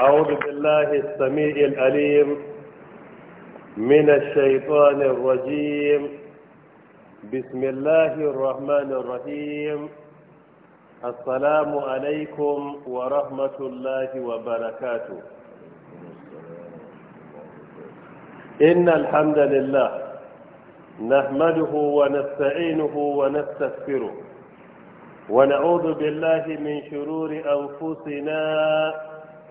أعوذ بالله السميع الأليم من الشيطان الرجيم بسم الله الرحمن الرحيم السلام عليكم ورحمة الله وبركاته إن الحمد لله نحمده ونستعينه ونستغفره ونعوذ بالله من شرور أنفسنا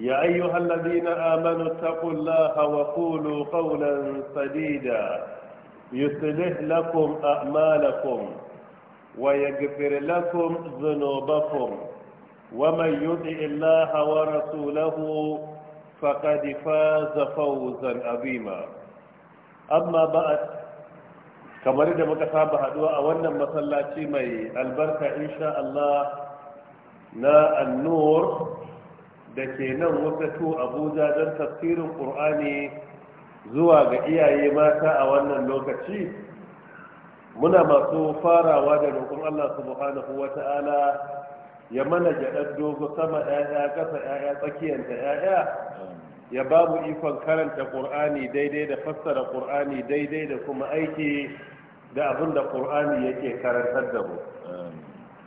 يا أيها الذين آمنوا اتقوا الله وقولوا قولا سديدا يصلح لكم أعمالكم ويغفر لكم ذنوبكم ومن يطع الله ورسوله فقد فاز فوزا عظيما أما بعد kamar da muka saba haduwa a wannan masallaci mai albarka insha Allah na annur da ke nan tu abuja don tafsirin ƙur'ani zuwa ga iyaye mata a wannan lokaci muna masu farawa da roƙon allah subhanahu wa ta'ala ya mana gyaɗar dogo sama ƴaƴa, ƙasa ‘ya'ya tsakiyanta ‘ya'ya ya babu ikon karanta ƙur'ani daidai da fassara ƙur'ani daidai da kuma aiki da abin da ƙur'ani yake karantar da mu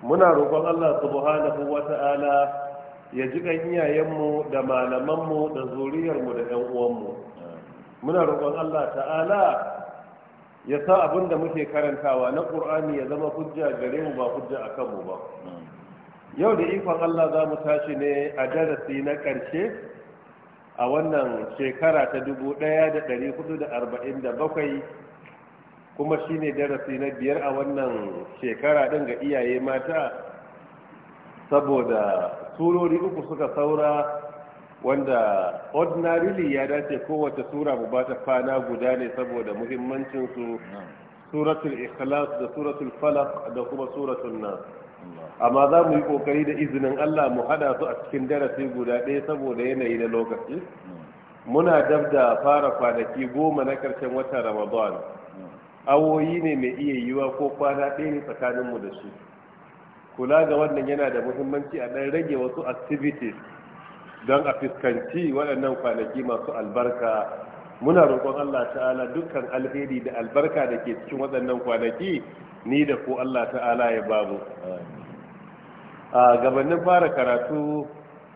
muna roƙon allah subhanahu wa ta'ala ya ji ɗan iyayenmu da malamanmu da zuriyarmu da ɗan uwanmu muna roƙon Allah ta'ala ya sa abin da muke karantawa na ƙur'ani ya zama hujja gare mu ba hujja a kanmu ba yau da ikon Allah za mu tashi ne a darasi na ƙarshe a wannan shekara ta dubu ɗaya da da da ɗari bakwai kuma shine darasi na biyar a wannan shekara ɗin ga iyaye mata saboda surori uku suka saura wanda ordinarily ya dace kowace sura mu ta fana guda ne saboda muhimmancin su suratul ikhlas da suratul falaq da kuma suratul nas amma za mu yi kokari da izinin Allah mu hada su a cikin darasi guda ɗaya saboda yanayi na lokaci muna dab da fara kwanaki goma na karshen watan ramadan awoyi ne mai iya yiwa ko kwana ɗaya ne tsakaninmu da shi kula ga wannan yana da muhimmanci a ɗan rage wasu activities don a fuskanci waɗannan kwanaki masu albarka muna roƙon Allah ta'ala dukkan alheri da albarka da ke cikin waɗannan kwanaki ni da ko Allah ta'ala ya ba mu a gabanin fara karatu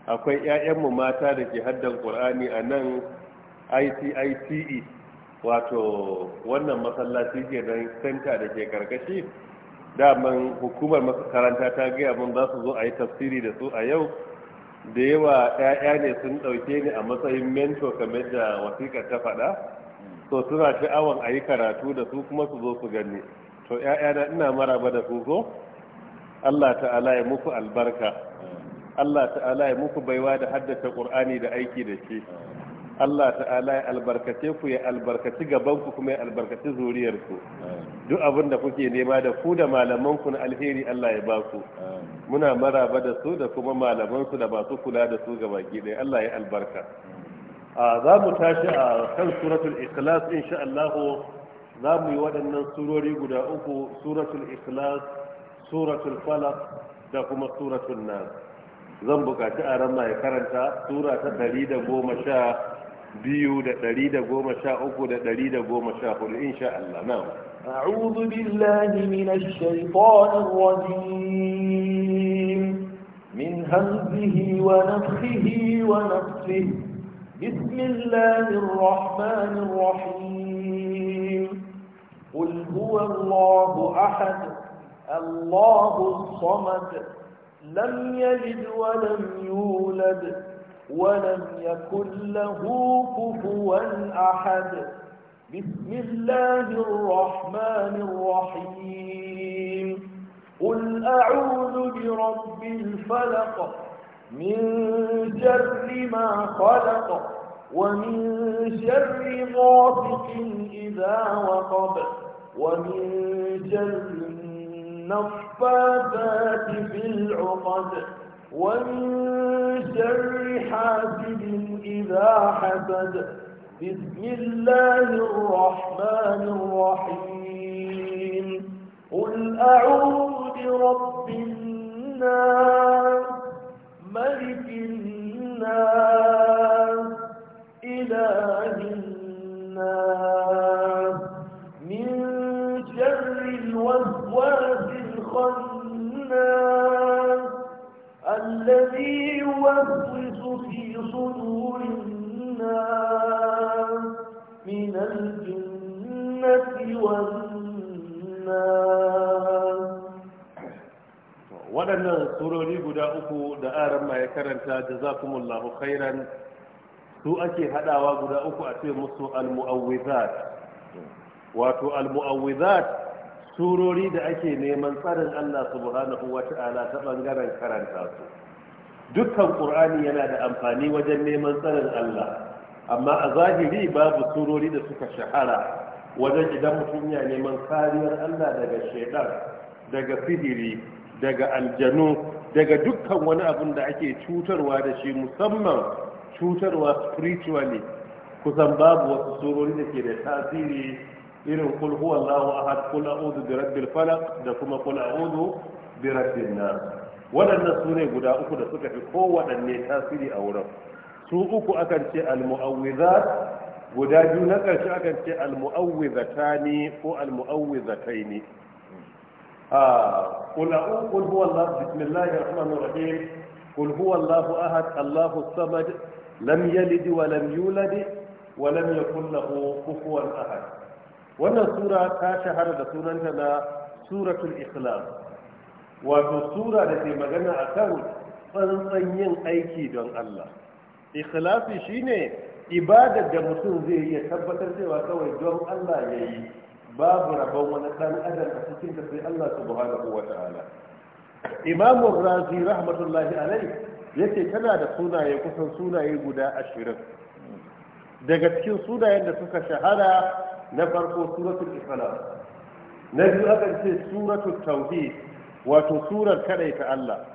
akwai 'ya'yanmu mata da ke haddan ƙur'ani a nan ICICE wato wannan masallaci ke nan senta da ke karkashi daman hukumar makaranta ta gaya mun za su zo a yi tafsiri da su a yau da yawa 'ya'ya ne sun ɗauke ni a matsayin mentor kamar da wasiƙa ta faɗa so suna sha'awan a yi karatu da su kuma su zo su gani to na ina maraba da su zo Allah ta'ala ya muku albarka Allah ta'ala ya muku baiwa da haddace ƙur'ani da aiki da shi Allah ta'ala ya albarkace ku ya albarkaci gabanku kuma ya albarkaci zuriyarku duk abin da kuke nema da ku da malamanku na alheri Allah ya ba ku muna maraba da su da kuma malamansu da masu kula da su ga baki ɗaya Allah ya albarka a za mu tashi a kan suratul ikhlas insha Allah za mu yi waɗannan surori guda uku suratul ikhlas suratul falaq da kuma suratul nas zan bukaci a ya karanta sura ta ɗari da goma sha biyu da ɗari da goma sha uku da ɗari da goma sha hudu أعوذ بالله من الشيطان الرجيم من همزه ونفخه ونفسه بسم الله الرحمن الرحيم قل هو الله أحد الله الصمد لم يلد ولم يولد ولم يكن له كفوا أحد بسم الله الرحمن الرحيم قل أعوذ برب الفلق من شر ما خلق ومن شر غاسق إذا وقب ومن شر النفاثات في العقد ومن شر حاسد إذا حسد بسم الله الرحمن الرحيم قل أعوذ برب الناس ملك الناس في صدور الناس من الجنة والناس waɗannan surori guda uku da aran ma ya karanta jazakumullahu khairan su ake haɗawa guda uku a ce musu al-mu'awwizat wato al-mu'awwizat surori da ake neman tsarin Allah subhanahu wa ta bangaren karanta su dukkan qur'ani yana da amfani wajen neman tsarin Allah amma a zahiri babu surori da suka shahara wajen idan mutum ya neman kariyar Allah daga shaidar, daga sihiri daga aljanu daga dukkan wani abin da ake cutarwa da shi musamman cutarwa spiritually kusan babu wasu surori da ke da tasiri irin kul huwa Allahu ahad kul a'udhu bi rabbil falaq da kuma kul a'udhu bi rabbin nas waɗannan su ne guda uku da suka fi kowaɗanne tasiri a wurin su uku akan ce almu'awwizat guda biyu na ƙarshe akan ce ta almu'awwizatani ko almu'awwizataini a qul a'udhu huwa allah bismillahir rahmanir rahim qul huwa allah ahad allahu samad lam yalid wa lam yulad wa lam yakul lahu kufuwan ahad wannan sura ta shahara da sunanta na suratul ikhlas wato sura da ke magana akan tsantsan yin aiki don Allah ikhlasi shine ibadar da mutum zai iya tabbatar cewa kawai don Allah ya yi babu rabon wani ɗan adam a cikin da sai Allah subhanahu wa ta'ala imam razi rahmatullahi alai yace tana da sunaye kusan sunaye guda ashirin daga cikin sunayen da suka shahara na farko suratul ikhlas na biyu akan ce suratul tauhid wato surar ta Allah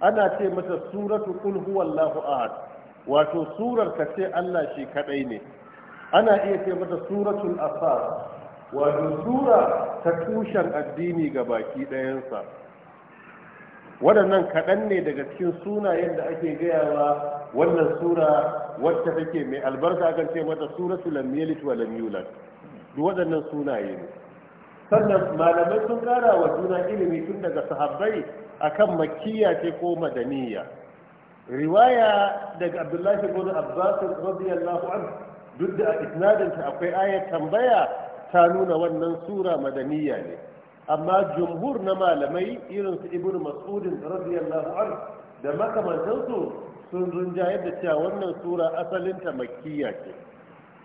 ana ce mata suratu qul huwallahu ahad wato surar ka ce Allah shi kadai ne ana iya ce mata suratul asar wato sura ta tushen addini ga baki ɗayansa waɗannan kaɗan ne daga cikin sunayen da ake gayawa wannan sura wacce take mai albarka kan ce mata suratul lam yalid wa lam waɗannan sunaye ne sannan malamai sun gara wa juna ilimi tun daga sahabbai akan makiyya ce ko madaniya riwaya daga abdullahi ibn abbas radiyallahu anhu duk da isnadin ta akwai ayat tambaya ta nuna wannan sura madaniya ne amma jumhur na malamai irinsu su ibn mas'ud radiyallahu anhu da makamantansu sun rinjayar da cewa wannan sura asalinta ta makkiya ce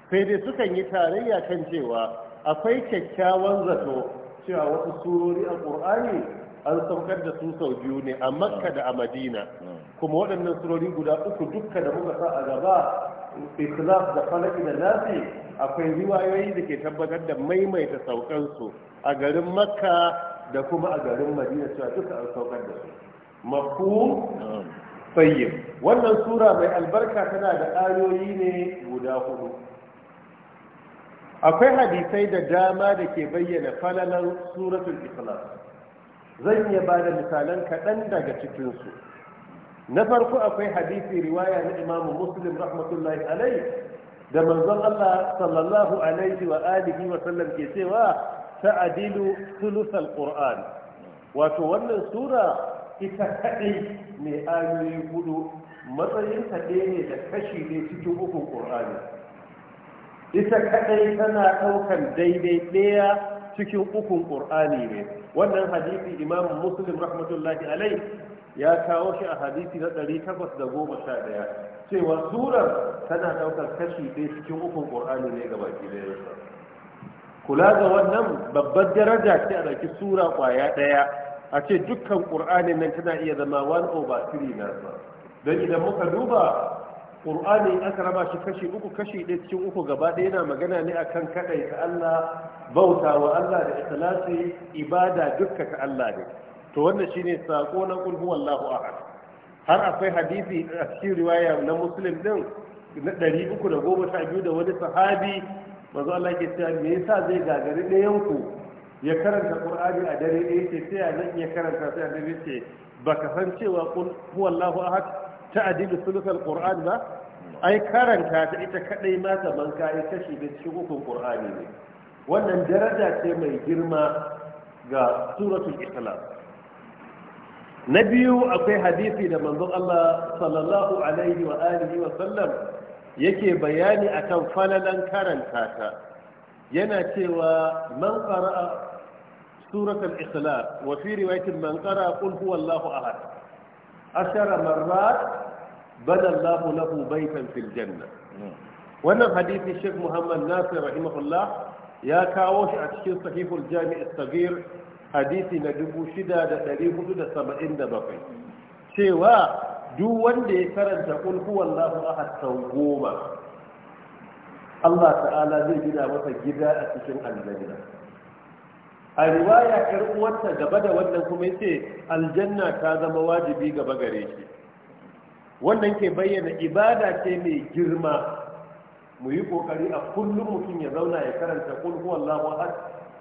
sai dai sukan yi tarayya kan cewa akwai kyakkyawan zato cewa wasu surori a ƙur'ani an saukar da su sau biyu ne a makka da a madina kuma waɗannan surori guda uku duka da muka sa a gaba ikhlas da falaki da nasi akwai riwayoyi da ke tabbatar da maimaita saukansu a garin makka da kuma a garin madina cewa duka an saukar da su wannan sura mai albarka tana da ayoyi ne guda hudu akwai hadisai da dama da ke bayyana falalan suratul ikhlas zan iya ba da misalan kaɗan daga cikinsu na farko akwai hadisi riwaya na imam muslim rahmatullahi alai da manzon Allah sallallahu alaihi wa alihi wa sallam ke cewa ta'adilu sulusal qur'an wato wannan sura ita kaɗai mai ayoyi hudu matsayin ta ne da kashi ne cikin ukun qur'ani ita kadai tana ɗaukar daidai ɗaya cikin ukun ƙur'ani ne wannan hadisi imam muslim rahmatullahi alai ya kawo shi a hadisi na 811 cewa surar tana ɗaukar kashi ɗaya cikin ukun ƙur'ani ne ga baki ɗaya kula ga wannan babbar daraja ce a ɗauki sura ƙwaya ɗaya a ce dukkan ƙur'anin nan tana iya zama 1 over 3 na don idan muka duba ƙur'ani aka raba shi kashi uku kashi ɗaya cikin uku gaba ɗaya na magana ne akan kaɗai ka Allah bauta wa Allah da ikhlasi ibada dukka ka Allah ne to wannan shine sako na qul huwallahu ahad har akwai hadisi a cikin riwaya na muslim din na uku da wani sahabi manzo Allah ke cewa me yasa zai gagari ɗayan ku ya karanta qur'ani a dare ɗaya ce sai a nan ya karanta sai a dare ce baka san cewa qul huwallahu ahad ta'adilu sulukal qur'an ba ai karanta ta ita kadai ma kaman kai kashi da cikin hukun qur'ani ne wannan daraja ce mai girma ga suratul ikhlas na biyu akwai hadisi da manzon Allah sallallahu alaihi wa alihi wa sallam yake bayani akan falalan karanta ta yana cewa man qara'a suratul ikhlas wa fi riwayatin man qara'a qul huwallahu ahad ashara marrat bana Allahu lahu baitan fil janna wannan hadisi Sheikh Muhammad Nasir rahimahullah ya kawo shi a cikin sahihul jami' as-saghir hadisi na 6477 cewa duk wanda ya karanta kul huwallahu ahad sau goma Allah ta'ala zai gida masa gida a cikin aljanna a riwaya yar uwarta gaba da wannan kuma yace aljanna ta zama wajibi gaba gare shi wannan ke bayyana ibada ce mai girma mu yi kokari a kullum mutum ya zauna ya karanta kul huwallahu ahad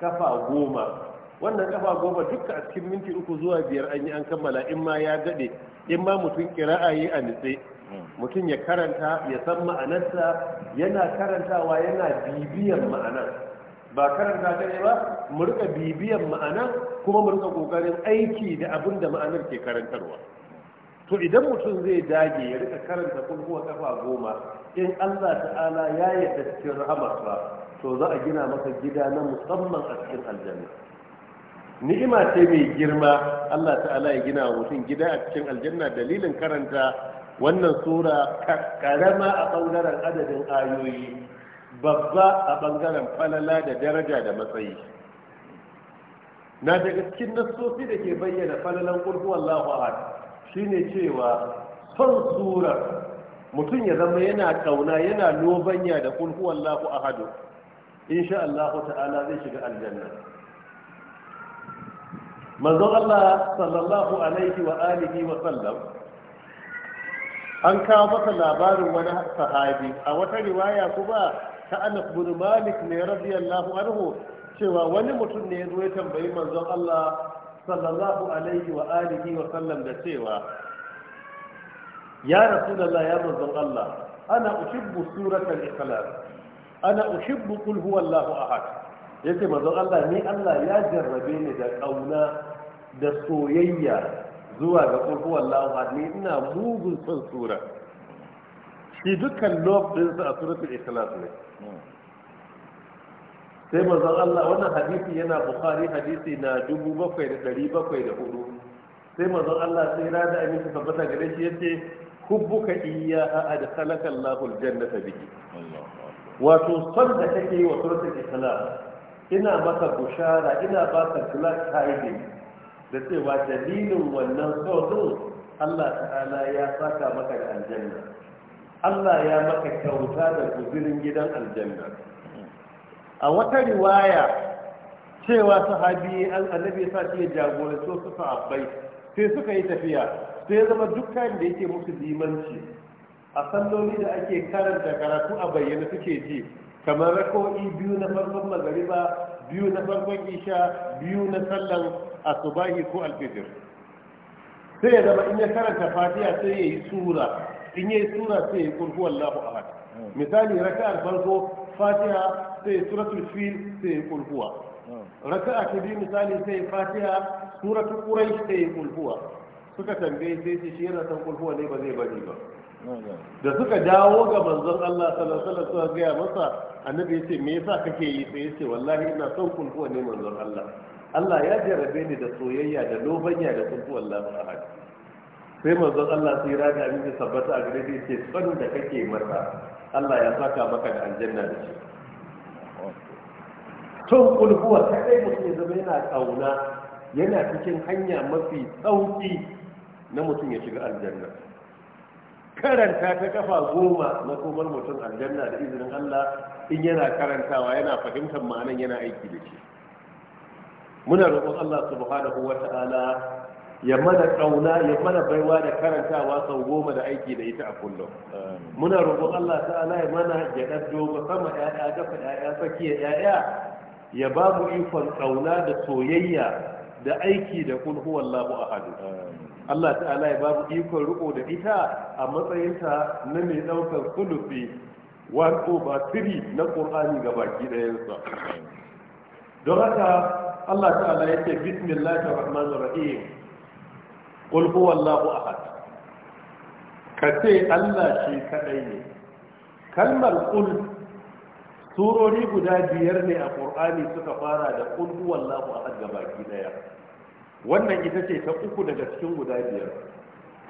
kafa goma wannan kafa goma duka a cikin minti uku zuwa biyar an yi an kammala in ma ya gade in ma mutum kira'a yi a nitse mutum ya karanta ya san ma'anarsa yana karantawa yana bibiyar ma'anar ba karanta ta ne ba mu rika bibiyan ma'ana kuma mu rika kokarin aiki da abin da ma'anar ke karantarwa to idan mutum zai dage ya rika karanta kulhuwa kafa goma in Allah ta'ala ya yarda cikin rahamarsa to za a gina maka gida na musamman a cikin aljanna ni'ima ce mai girma Allah ta'ala ya gina wa mutum gida a cikin aljanna dalilin karanta wannan sura karama a bangaren adadin ayoyi babba a ɓangaren falala da daraja da matsayi na daga cikin nassosi da ke bayyana falalan ƙulhu Allahu ahad shine cewa son sura mutum ya zama yana kauna yana lobanya da ƙulhu Allahu ahad insha Allah ta'ala zai shiga aljanna manzo Allah sallallahu alaihi wa alihi wa sallam an kawo masa labarin wani sahabi a wata riwaya kuma ta anas bin malik ne radiyallahu anhu cewa wani mutum ne ya zo ya tambayi manzon Allah sallallahu alaihi wa alihi wa sallam da cewa ya rasulullah ya manzon Allah ana uhibbu suratul ikhlas ana uhibbu qul huwallahu ahad yace manzon Allah ni Allah ya jarrabe ni da kauna da soyayya zuwa ga qul huwallahu ahad ni ina mugun son sura shi dukkan lob ɗinsa a suratul ikhlas ne sai mazan Allah wannan hadisi yana bukhari hadisi na 7704 sai mazan Allah sai rada aminci tabbata gare shi yace hubbuka iyyaha adkhalaka Allahu jannata biki wato son da kake yi wa suratul ikhlas ina maka bushara ina baka glass tiding da cewa dalilin wannan sautin Allah ta'ala ya saka maka da aljanna Allah ya maka kyauta da guzirin gidan aljanna a wata riwaya cewa sahabi annabi sa ce ya jagoranci su sahabbai sai suka yi tafiya sai zama dukkan da yake musu limanci a salloli da ake karanta karatu a bayyana suke ji kamar rako'i biyu na farkon magariba biyu na farkon isha biyu na sallan asubahi ko alfijir sai ya zama in ya karanta Fatiya sai ya yi sura in yi sura sai ya kurhu wallahu ahad misali raka'ar farko fatiha sai suratul fil sai ya kurhuwa Raka a biyu misali sai fatiha suratul quraish sai ya kurhuwa suka tambaye sai ce shi yana san kurhuwa ne ba zai bari ba da suka dawo ga manzon Allah sallallahu alaihi wasallam gaya masa annabi ya ce me yasa kake yi sai ya ce wallahi ina son kurhuwa ne manzon Allah Allah ya jarabe ni da soyayya da lobanya da kurhuwa Allah ahad sai manzon Allah sai abin da sabbata a gare shi ce son da kake mata Allah ya saka maka da aljanna da shi tun kulhuwa ta kai mutum ya zama yana kauna yana cikin hanya mafi sauki na mutum ya shiga aljanna karanta ta kafa goma na komar mutum aljanna da izinin Allah in yana karantawa yana fahimtar ma'anan yana aiki da shi muna roƙon Allah subhanahu wa ta'ala ya mana kauna ya mana baiwa da karantawa sau goma da aiki da ita a kullum muna roƙon Allah ta'ala ya mana gyaɗar dogo sama ƴaƴa dafa ƴaƴa sakiya ƴaƴa ya ba mu ikon kauna da soyayya da aiki da kul huwallahu ahad Allah ta'ala ya ba mu ikon riko da ita a matsayinta na mai ɗaukar sulufi one over three na ƙur'ani ga baki ɗayansa don haka Allah ta'ala ya ce bismillahir rahmanir rahim ƙulhu wallahu a allah shi kaɗai ne kalmar ƙul turori guda biyar ne a ƙur'ani suka fara da ƙulhu wallahu a baki ɗaya wannan ita ce ta uku daga cikin guda biyar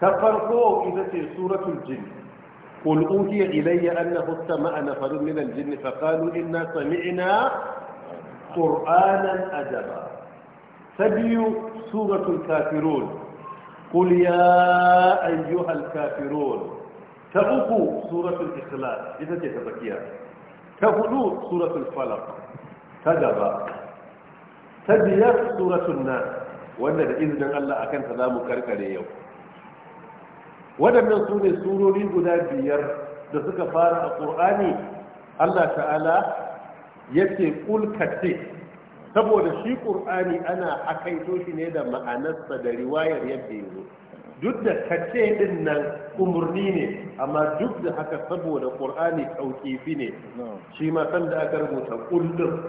ta farko ita ce suratul jin ƙul uhiya ilayya annahu sama'a nafarin minal jinni fa qalu inna sami'na qur'anan ajaba ta biyu suratul kafirun قل يا أيها الكافرون تأخو سورة الإخلاص إذا تتبكيها تهدو سورة الفلق تجبا تبيا سورة الناس وأن إذن الله أكن تدام كركري يوم waɗannan su ne surori guda biyar da suka fara a ƙur'ani allah ta'ala ya ce ƙulkace saboda shi ƙur'ani ana akaito shi ne da ma'anarsa da riwayar yadda ya zo duk da kace din nan umurni ne amma duk da haka saboda qur'ani fi ne shi ma san da aka rubuta kullum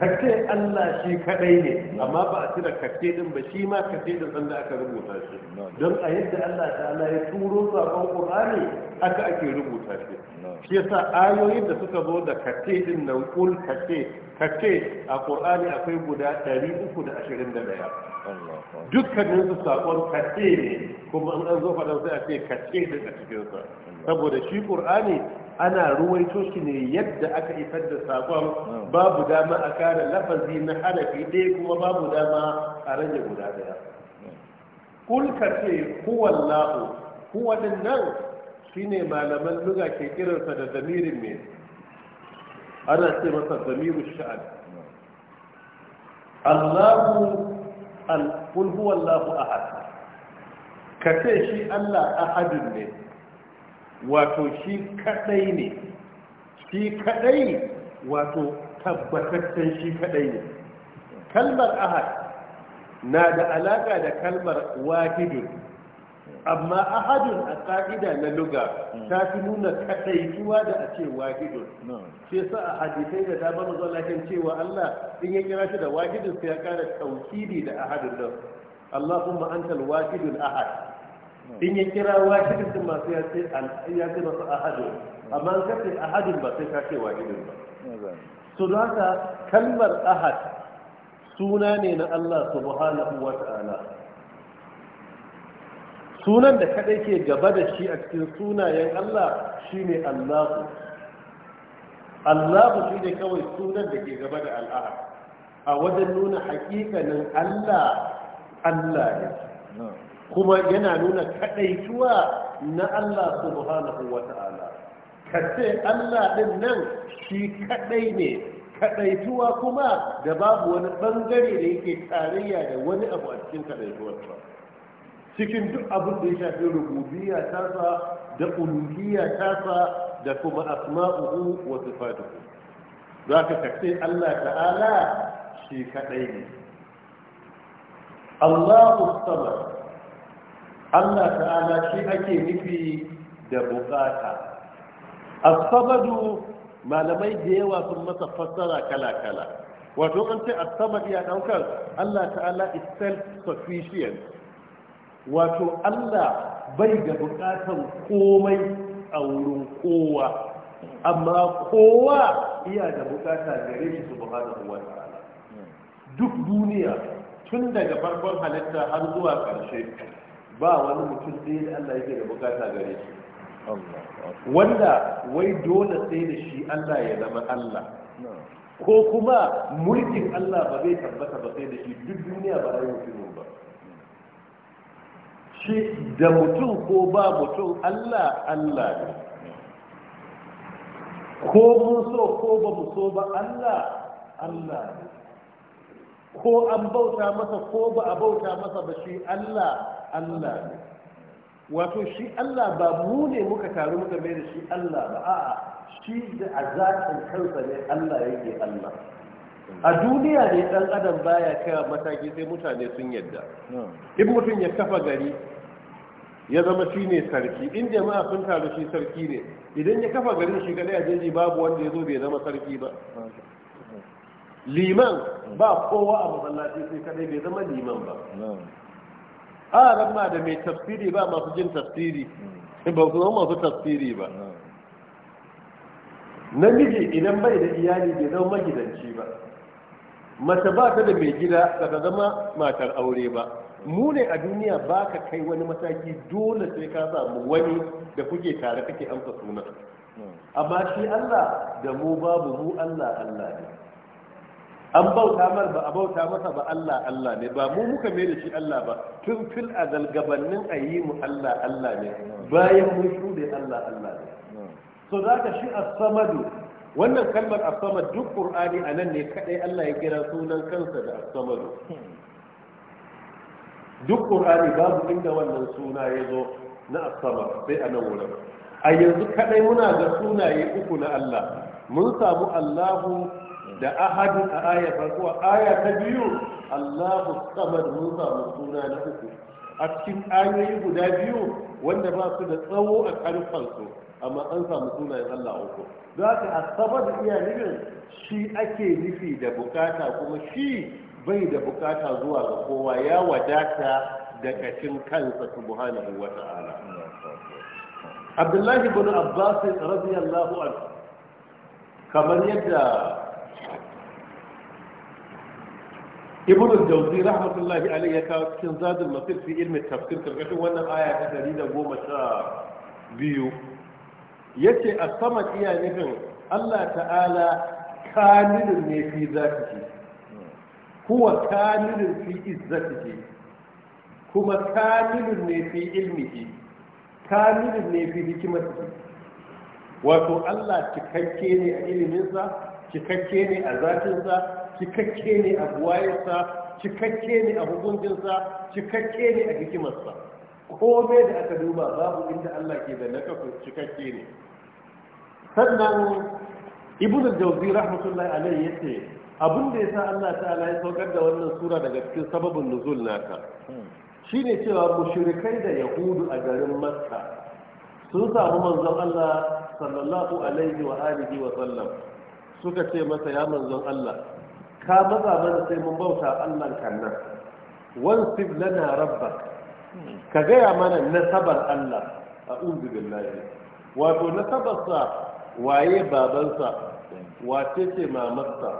kace Allah shi kadai ne amma ba a cire kace din ba shi ma kace din sanda aka rubuta shi don a yadda Allah ta'ala ya turo sabon Qur'ani haka ake rubuta shi shi yasa ayoyin da suka zo da kace din nan kul kace kace a Qur'ani akwai guda 321 dukkanin su sakon kace ne kuma an zo faɗa sai a ce kace din a cikin sa saboda shi Qur'ani ana ruwaito shi ne yadda aka isar da sakon babu dama a kare lafazi na harafi ɗaya kuma babu dama a rage guda daya kulka ce huwallahu huwadin nan shi ne malaman luga ke kiransa da zamirin mai ana ce masa zamirin sha'ad allahu al a ahad ka ce shi allah ahadin ne wato shi kadai ne shi kadai wato tabbataccen shi kadai ne kalmar ahad na da alaka da kalmar wahidun amma ahadun a ƙa'ida na luga ta fi nuna kaɗaituwa da a ce wahidun ce sa a hadisai da dama mazalakin cewa Allah in ya kira shi da wahidun sai ya ƙara taukidi da ahadun nan Allahumma antal wahidul ahad Hmm. in ya kira wahidin din masu ya ce ya masu ahadin hmm. amma an kace ahadin ba sai ka ce wahidin ba hmm. so don haka kalmar ahad suna ne na Allah subhanahu wa ta'ala sunan da kadai ke gaba da shi a cikin sunayen Allah shine Allah Allah shi ne kawai sunan da ke gaba da al'ahad a wajen nuna hakikanin Allah Allah ne kuma yana nuna kadaituwa na Allah subhanahu wa ta'ala kace Allah ɗin nan shi kadai ne kadaituwa kuma da babu wani bangare da yake tarayya da wani abu a cikin kadaituwarsa cikin duk abin da ya shafi rububiyya tasa da uluhiyya tasa da kuma asma'uhu wa Za ka kace Allah ta'ala shi kadai ne Allahu samad Allah ta'ala shi ake nufi da bukata asabadu malamai da yawa sun masa fassara kala-kala wato an ce asabad ya daukar Allah ta'ala is self-sufficient wato Allah bai da bukatan komai a wurin kowa amma kowa iya da bukata gare shi subhanahu wa ta'ala duk duniya tun daga farkon halitta har zuwa ƙarshe ba wani mutum ɗaya da Allah yake da bukata gare shi wanda wai dole sai da shi Allah ya zama Allah ko kuma mulkin Allah ba zai tabbata ba sai da shi duk duniya ba a yi ba shi da mutum ko ba mutum Allah Allah ne ko mun so ko ba mu so ba Allah Allah ne ko an bauta masa ko ba a bauta masa ba shi Allah Allah ne wato shi Allah ba mu ne muka taru muka mai da shi Allah ba a'a shi da a zaɓin kansa ne Allah yake Allah a duniya ne ɗan adam baya kaiwa mataki sai mutane sun yadda in mutum ya kafa gari ya zama shi ne sarki in jama'a sun taru shi sarki ne idan ya kafa gari shi gane a jeji babu wanda ya zo bai zama sarki ba liman ba kowa a masallaci sai kadai bai zama liman ba a ramma da mai tafsiri ba masu jin tafsiri hmm. ba su zama masu tafsiri ba namiji idan bai da iyali bai zama magidanci ba mace ba ta da mai gida ba ta zama matar aure ba mu ne a duniya ba ka kai wani mataki dole sai ka samu wani da kuke tare kake amsa suna amma shi allah da mu babu mu allah allah ne an bauta mar ba a bauta masa ba Allah Allah ne ba mu muka mai da shi Allah ba tun fil azal gabanin a yi mu Allah Allah ne bayan mun shuɗe Allah Allah ne so za ka shi as-samadu wannan kalmar as-samad duk qur'ani a nan ne kadai Allah ya kira sunan kansa da as-samadu duk qur'ani babu inda wannan suna ya zo na as-samad sai anan wurin a yanzu kadai muna ga sunaye uku na Allah mun samu Allahu da ahadin a aya farko aya ta biyu Allahu samad mun samu suna na uku a cikin ayoyi guda biyu wanda ba su da tsawo a karfansu amma an samu sunayen Allah uku za ka asabar da iya nufin shi ake nufi da bukata kuma shi bai da bukata zuwa ga kowa ya wadata da kacin kansa subhanahu wa ta'ala Abdullahi ibn Abbas radiyallahu anhu kamar yadda ibn al-jawzi rahmatullahi alayhi ya kawo cikin zadul masir fi ilmi tafsir karkashin wannan aya ta Ya ce a sama iya nufin Allah ta'ala kamilun ne fi zatihi huwa kamilun fi izzatihi kuma kamilun ne fi ilmihi kamilun ne fi hikimatihi wato Allah cikakke ne a iliminsa cikakke ne a zatinsa cikakke ne a buwayarsa cikakke ne a hukuncinsa cikakke ne a hikimarsa komai da aka duba babu inda Allah ke da nakasu cikakke ne sannan ibn al-jawzi rahmatullahi alayhi yace abin da yasa Allah ta'ala ya saukar da wannan sura daga cikin sababin nuzul naka shine cewa mushrikai da yahudu a garin makka sun samu manzon Allah sallallahu alaihi wa alihi wa sallam suka ce masa ya manzon Allah ka maza mana sai mun bauta Allah nan. wansib lana rabbak ka gaya mana nasabar Allah a uzu billahi wato nasabarsa waye babansa wace ce mamarsa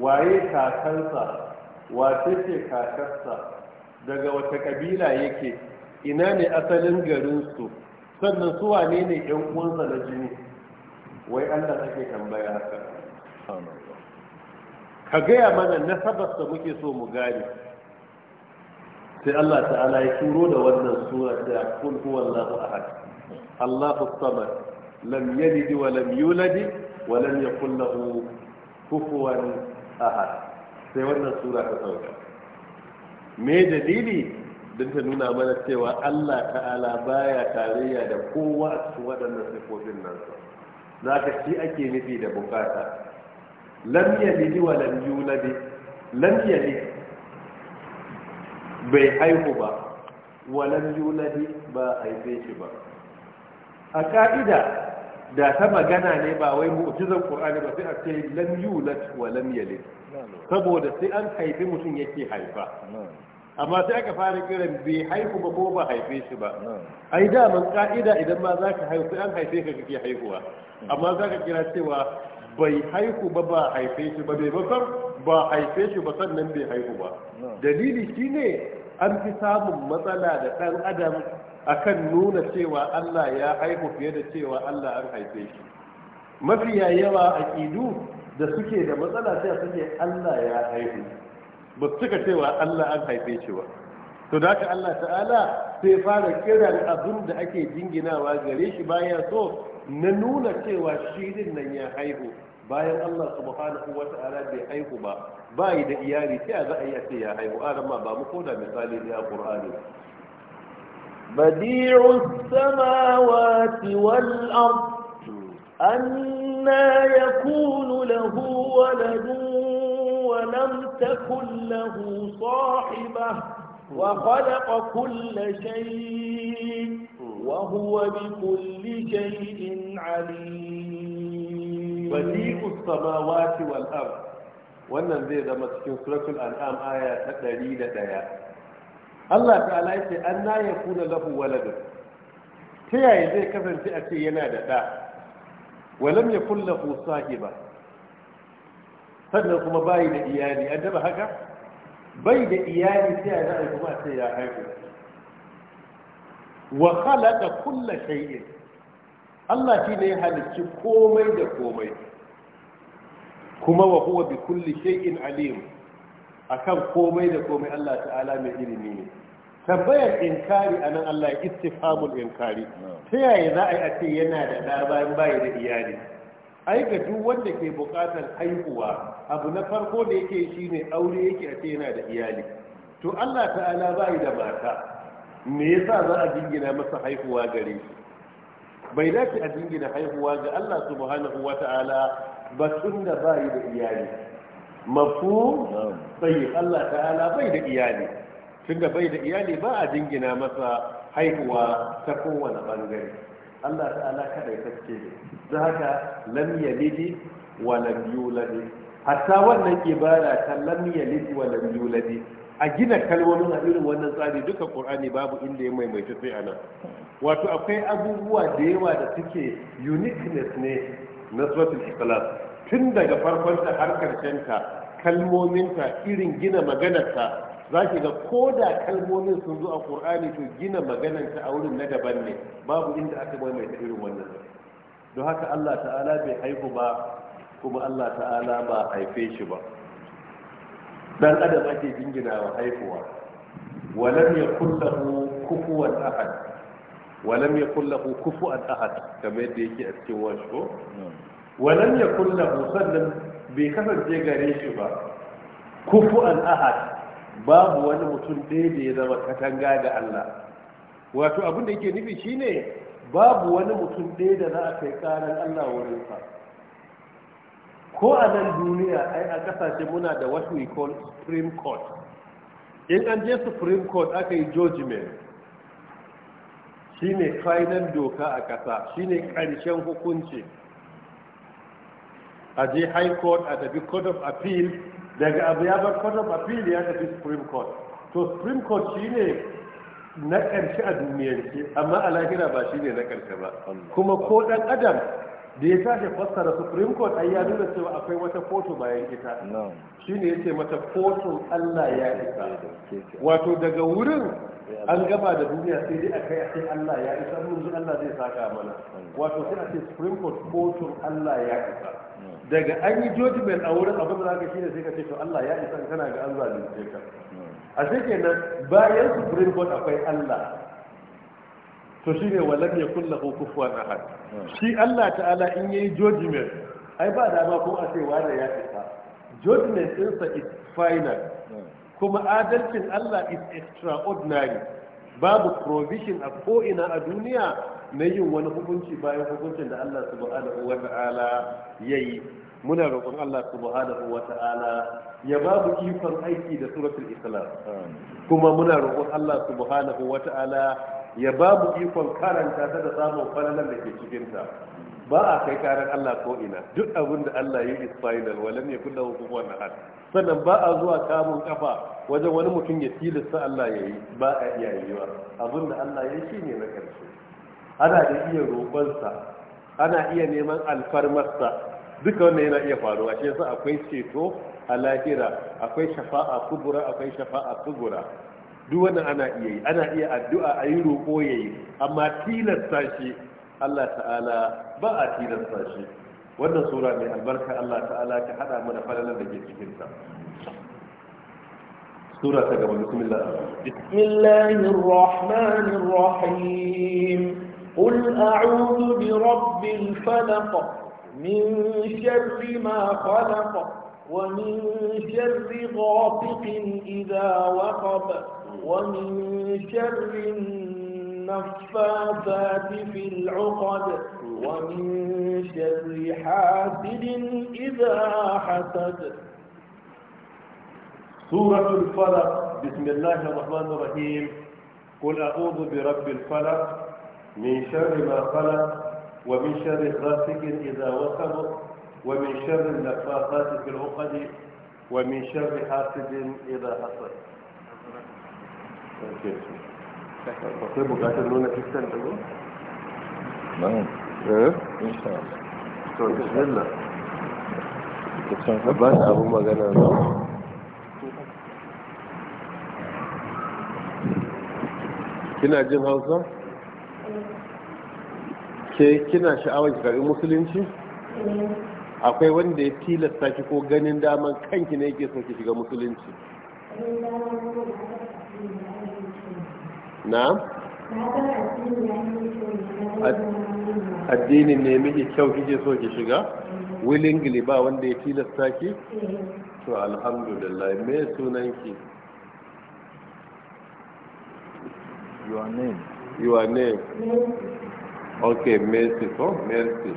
waye kakansa wace ce kakarsa daga wata kabila yake ina ne asalin garinsu sannan su wane ne yan uwansa na jini wai Allah take tambaya haka ka gaya mana nasabar da muke so mu gane sai Allah ta'ala ya turo da wannan sura da kun huwallahu ahad Allahu samad lam yalid wa lam yulad wa lam yakul lahu kufuwan ahad sai wannan sura ta sauka me dalili don ta nuna mana cewa Allah ta'ala baya tarayya da kowa su waɗannan sifofin nan za ka shi ake nufi da bukata lam yalidi wa lam yulad lam yalid bai haihu ba wa lam yulad ba haife shi ba a ka'ida da ta magana ne ba wai mu'jizar qur'ani ba sai a ce lam yulad wa lam yalid saboda sai an haifi mutum yake haifa amma sai aka fara kiran bai haihu ba ko ba haife shi ba ai da mun ka'ida idan ma za ka haihu sai an haife ka kake haihuwa amma za ka kira cewa bai haihu ba ba haife shi ba bai basar ba haife shi ba sannan bai haihu ba dalili shine an fi samun matsala da ɗan adam akan nuna cewa Allah ya haihu fiye da cewa Allah an haife shi mafiya yawa aƙidu da suke da matsala sai suke Allah ya haihu ba su cika cewa Allah an haife shi ba to da haka Allah ta'ala sai fara kiran abin da ake jinginawa gare shi baya so na nuna cewa shirin nan ya haihu bayan Allah subhanahu wa ta'ala bai haihu ba ba yi da iyali sai za a iya ce ya haihu aran ma ba mu koda misali ne a Qur'ani badi'u samawati wal ard anna yakunu lahu waladun ولم تكن له صاحبة وخلق كل شيء وهو بكل شيء عليم بديع السماوات والأرض wannan zai zama cikin suratul an'am aya ta 101 Allah ta'ala an yace anna yakuna lahu waladun ta yaya zai kasance a ce yana da da walam yakun lahu sahiba sannan kuma bai da iyali an daba haka bai da iyali ta yaya za a kuma a ce ya haihu wa khalaqa kulla shay'in Allah shi ne ya halicci komai da komai kuma wa huwa bi kulli shay'in alim akan komai da komai Allah ta'ala mai ilimi ne tambayar inkari anan Allah ya istifhamul inkari ta yaya za a yi a ce yana da daba bayan bayi da iyali ai ga duk wanda ke buƙatar haihuwa abu na farko da yake shine aure yake a ce yana da iyali to Allah ta'ala bai da mata me sa za a jingina masa haihuwa gare shi bai dace a jingina haihuwa ga Allah subhanahu Ta'ala ba Tun tunda bai da iyali mafu sai Allah ta'ala bai da iyali Tun da bai da iyali ba a jingina masa haihuwa ta kowane bangare Allah ta'ala kadai take ne Za ka lam yalidi wa lam yulad hatta wannan ibara ta lam yalid wa lam yulad a gina kalmomin a irin wannan tsari duka ƙur'ani babu inda ya maimaita sai anan wato akwai abubuwa da yawa da suke uniqueness ne na suratul ikhlas tun daga farkon ta har karshen ta kalmomin ta irin gina maganar ta zaki ga ko da kalmomin sun zo a qur'ani to gina maganar ta a wurin na daban ne babu inda aka maimaita irin wannan don haka Allah ta'ala bai haihu ba kuma Allah ta'ala ba haife shi ba dan adam ake jingina wa haihuwa walam yakul lahu kufuwan ahad walam yakul lahu kufuwan ahad kamar yadda yake a cikin wasu walam yakul lahu sannan bai kasance gare shi ba kufuwan ahad babu wani mutum ɗaya da ya zama katanga ga Allah wato abin da yake nufi shine babu wani mutum ɗaya da za a kai karan Allah wurinsa ko a nan duniya ai a kasashe muna da what we call supreme court in an je supreme court aka yi judgment shine final doka a kasa shine karshen hukunci a je high court a tafi court of appeal daga abu ya bar court of appeal ya tafi supreme court to supreme court shine na karshe a duniyance amma a lahira ba shine na karshe ba kuma ko ɗan adam da ya sake fassara supreme court ai ya nuna cewa akwai wata kotu bayan ita shi ne ya ce mata kotun allah ya isa wato daga wurin an gaba da duniya sai dai akai a sai allah ya isa mun allah zai saka mana wato sai a ce supreme court kotun allah ya isa daga an yi judgment a wurin abin da zaka shine sai ka ce to allah ya isa kana ga an zalunce ka a sai kenan bayan supreme court akwai allah to shine walam yakul lahu kufuwan ahad shi Allah ta'ala in yayi judgment ai ba da dama ko a cewa da ya fita judgment din sa is final kuma adalcin Allah is extraordinary babu provision a ko ina a duniya na yin wani hukunci bayan hukuncin da Allah subhanahu wa ta'ala yayi muna roƙon Allah subhanahu wa ta'ala ya babu ikon aiki da suratul ikhlas kuma muna roƙon Allah subhanahu wa ta'ala ya ba mu ikon karanta ta da samun falalan da ke cikinta ba a kai karan Allah ko ina duk abin da Allah yi is final walam yakun lahu kufuwan ahad sannan ba a zuwa kamun kafa wajen wani mutum ya tilasta Allah ya yi ba a iya yi ba abin da Allah ya yi ne na karshe ana da iya roƙonsa ana iya neman alfarmarsa duka wannan yana iya faruwa shi yasa akwai ceto a lahira akwai shafa'a kubura akwai shafa'a kubura duk ana iya yi ana iya addu'a a yi roƙo ya yi amma tilasta shi Allah ta'ala ba a tilasta shi wannan sura mai albarka Allah ta'ala ka haɗa mana falalar da ke cikin ta sura ta gaba bismillah bismillahir rahmanir rahim قل أعوذ برب الفلق من شر ما خلق ومن شر غاسق إذا وقب ومن شر النفاثات في العقد ومن شر حاسد إذا حسد سورة الفلق بسم الله الرحمن الرحيم قل أعوذ برب الفلق من شر ما خلق ومن شر غاسق إذا وقب ومن شر النفاثات في العقد ومن شر حاسد إذا حسد akwai bukatar nuna eh? kina jin hausa ke kina sha'awar karbi musulunci akwai wanda ya tilasta ki ko ganin daman kanki ne yake son ki shiga musulunci na'am addinin ne miki kyau kike so ki shiga mm-hmm. willingly ba wanda ya tilasta ki eh. to alhamdulillah me sunan ki your name your name okay merci ko oh, merci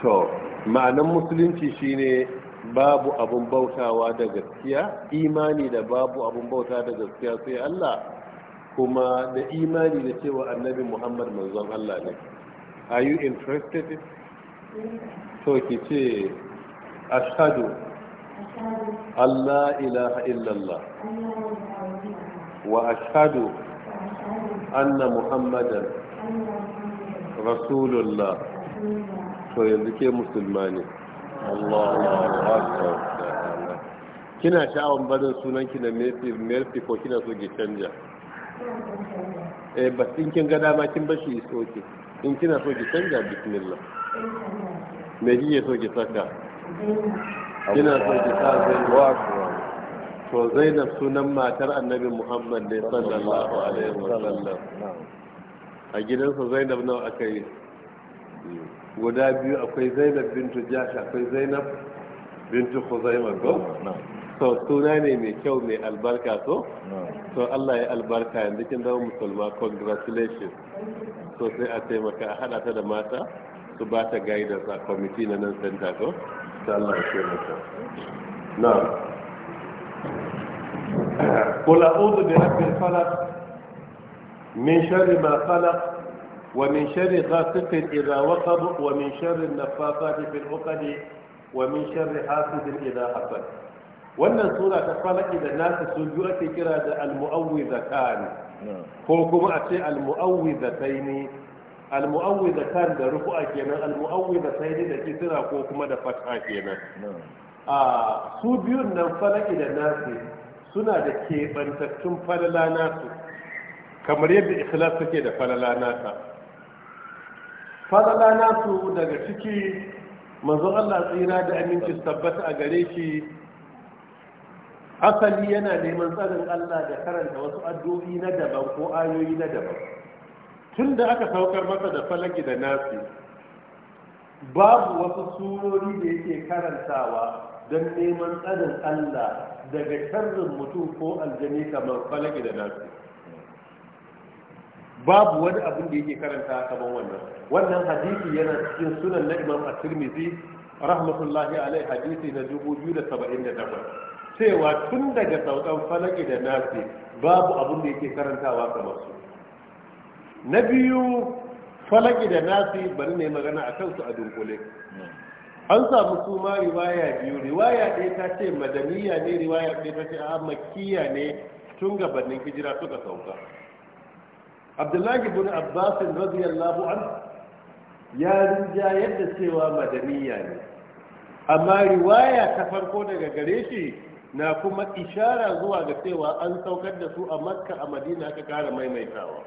to ma'anan musulunci shine babu abun bautawa da gaskiya imani da babu abun bauta da gaskiya sai Allah kuma da imani da cewa annabi muhammad manzon allah ne are you interested to ki ce ashadu allah ilaha illallah wa ashadu anna muhammadan rasulullah to yanzu ke musulma ne Allah kina sha'awan barin sunanki na merfi ko kina so ki canja eh ba in kin ga dama kin bashi is okay in kina so ki canja bismillah me kike so ki saka kina so ki sa zai wa to Zainab sunan matar Annabi Muhammad ne sallallahu alaihi wasallam a gidan sa Zainab nawa aka yi guda biyu akwai Zainab bintu Jash akwai Zainab bintu Khuzaimah ko to suna ne mai kyau mai albarka so to Allah ya albarka yanzu kin zama musulma congratulations so sai a taimaka a hada ta da mata su ba ta guidance a kwamiti na nan center to sai Allah ya taimaka na قل min برب ma من wa min خلق ومن شر waqab wa min ومن nafafati fil uqadi wa min شر حاسد إذا hasad wannan sura ta falaki da nasu su biyu ake kira da al-mu'awwidhatan ko kuma a ce al-mu'awwidhataini al-mu'awwidhatan da a kenan al-mu'awwidhataini da kisra ko kuma da fatha kenan a su biyun nan falaki da nasu suna da kebantattun falala nasu kamar yadda ikhlas suke da falala nasa falala nasu daga ciki manzon Allah tsira da aminci tabbata a gare shi asali yana neman tsarin Allah da karanta wasu addu'o'i na daban ko ayoyi na daban tun da aka saukar masa da falaki da nasi babu wasu surori da yake karantawa don neman tsarin Allah daga sharrin mutum ko aljani kamar falaki da nasi babu wani abin da yake karanta kamar wannan wannan hadisi yana cikin sunan na imam at-tirmidhi rahmatullahi alaihi hadisi na 2078 cewa tun daga saukan falaki da nasi babu abin da yake karantawa kamar su na biyu falaki da nasi bari ne magana a kansu a dunkule an samu su ma riwaya biyu riwaya ɗaya ta ce madaniya ne riwaya ɗaya ta ce a makiya ne tun gabanin hijira suka sauka abdullahi bin abbas radiyallahu an ya rinja yadda cewa madaniya ne amma riwaya ta farko daga gare shi na kuma ishara zuwa ga cewa an saukar da su a makka a madina aka kara maimaitawa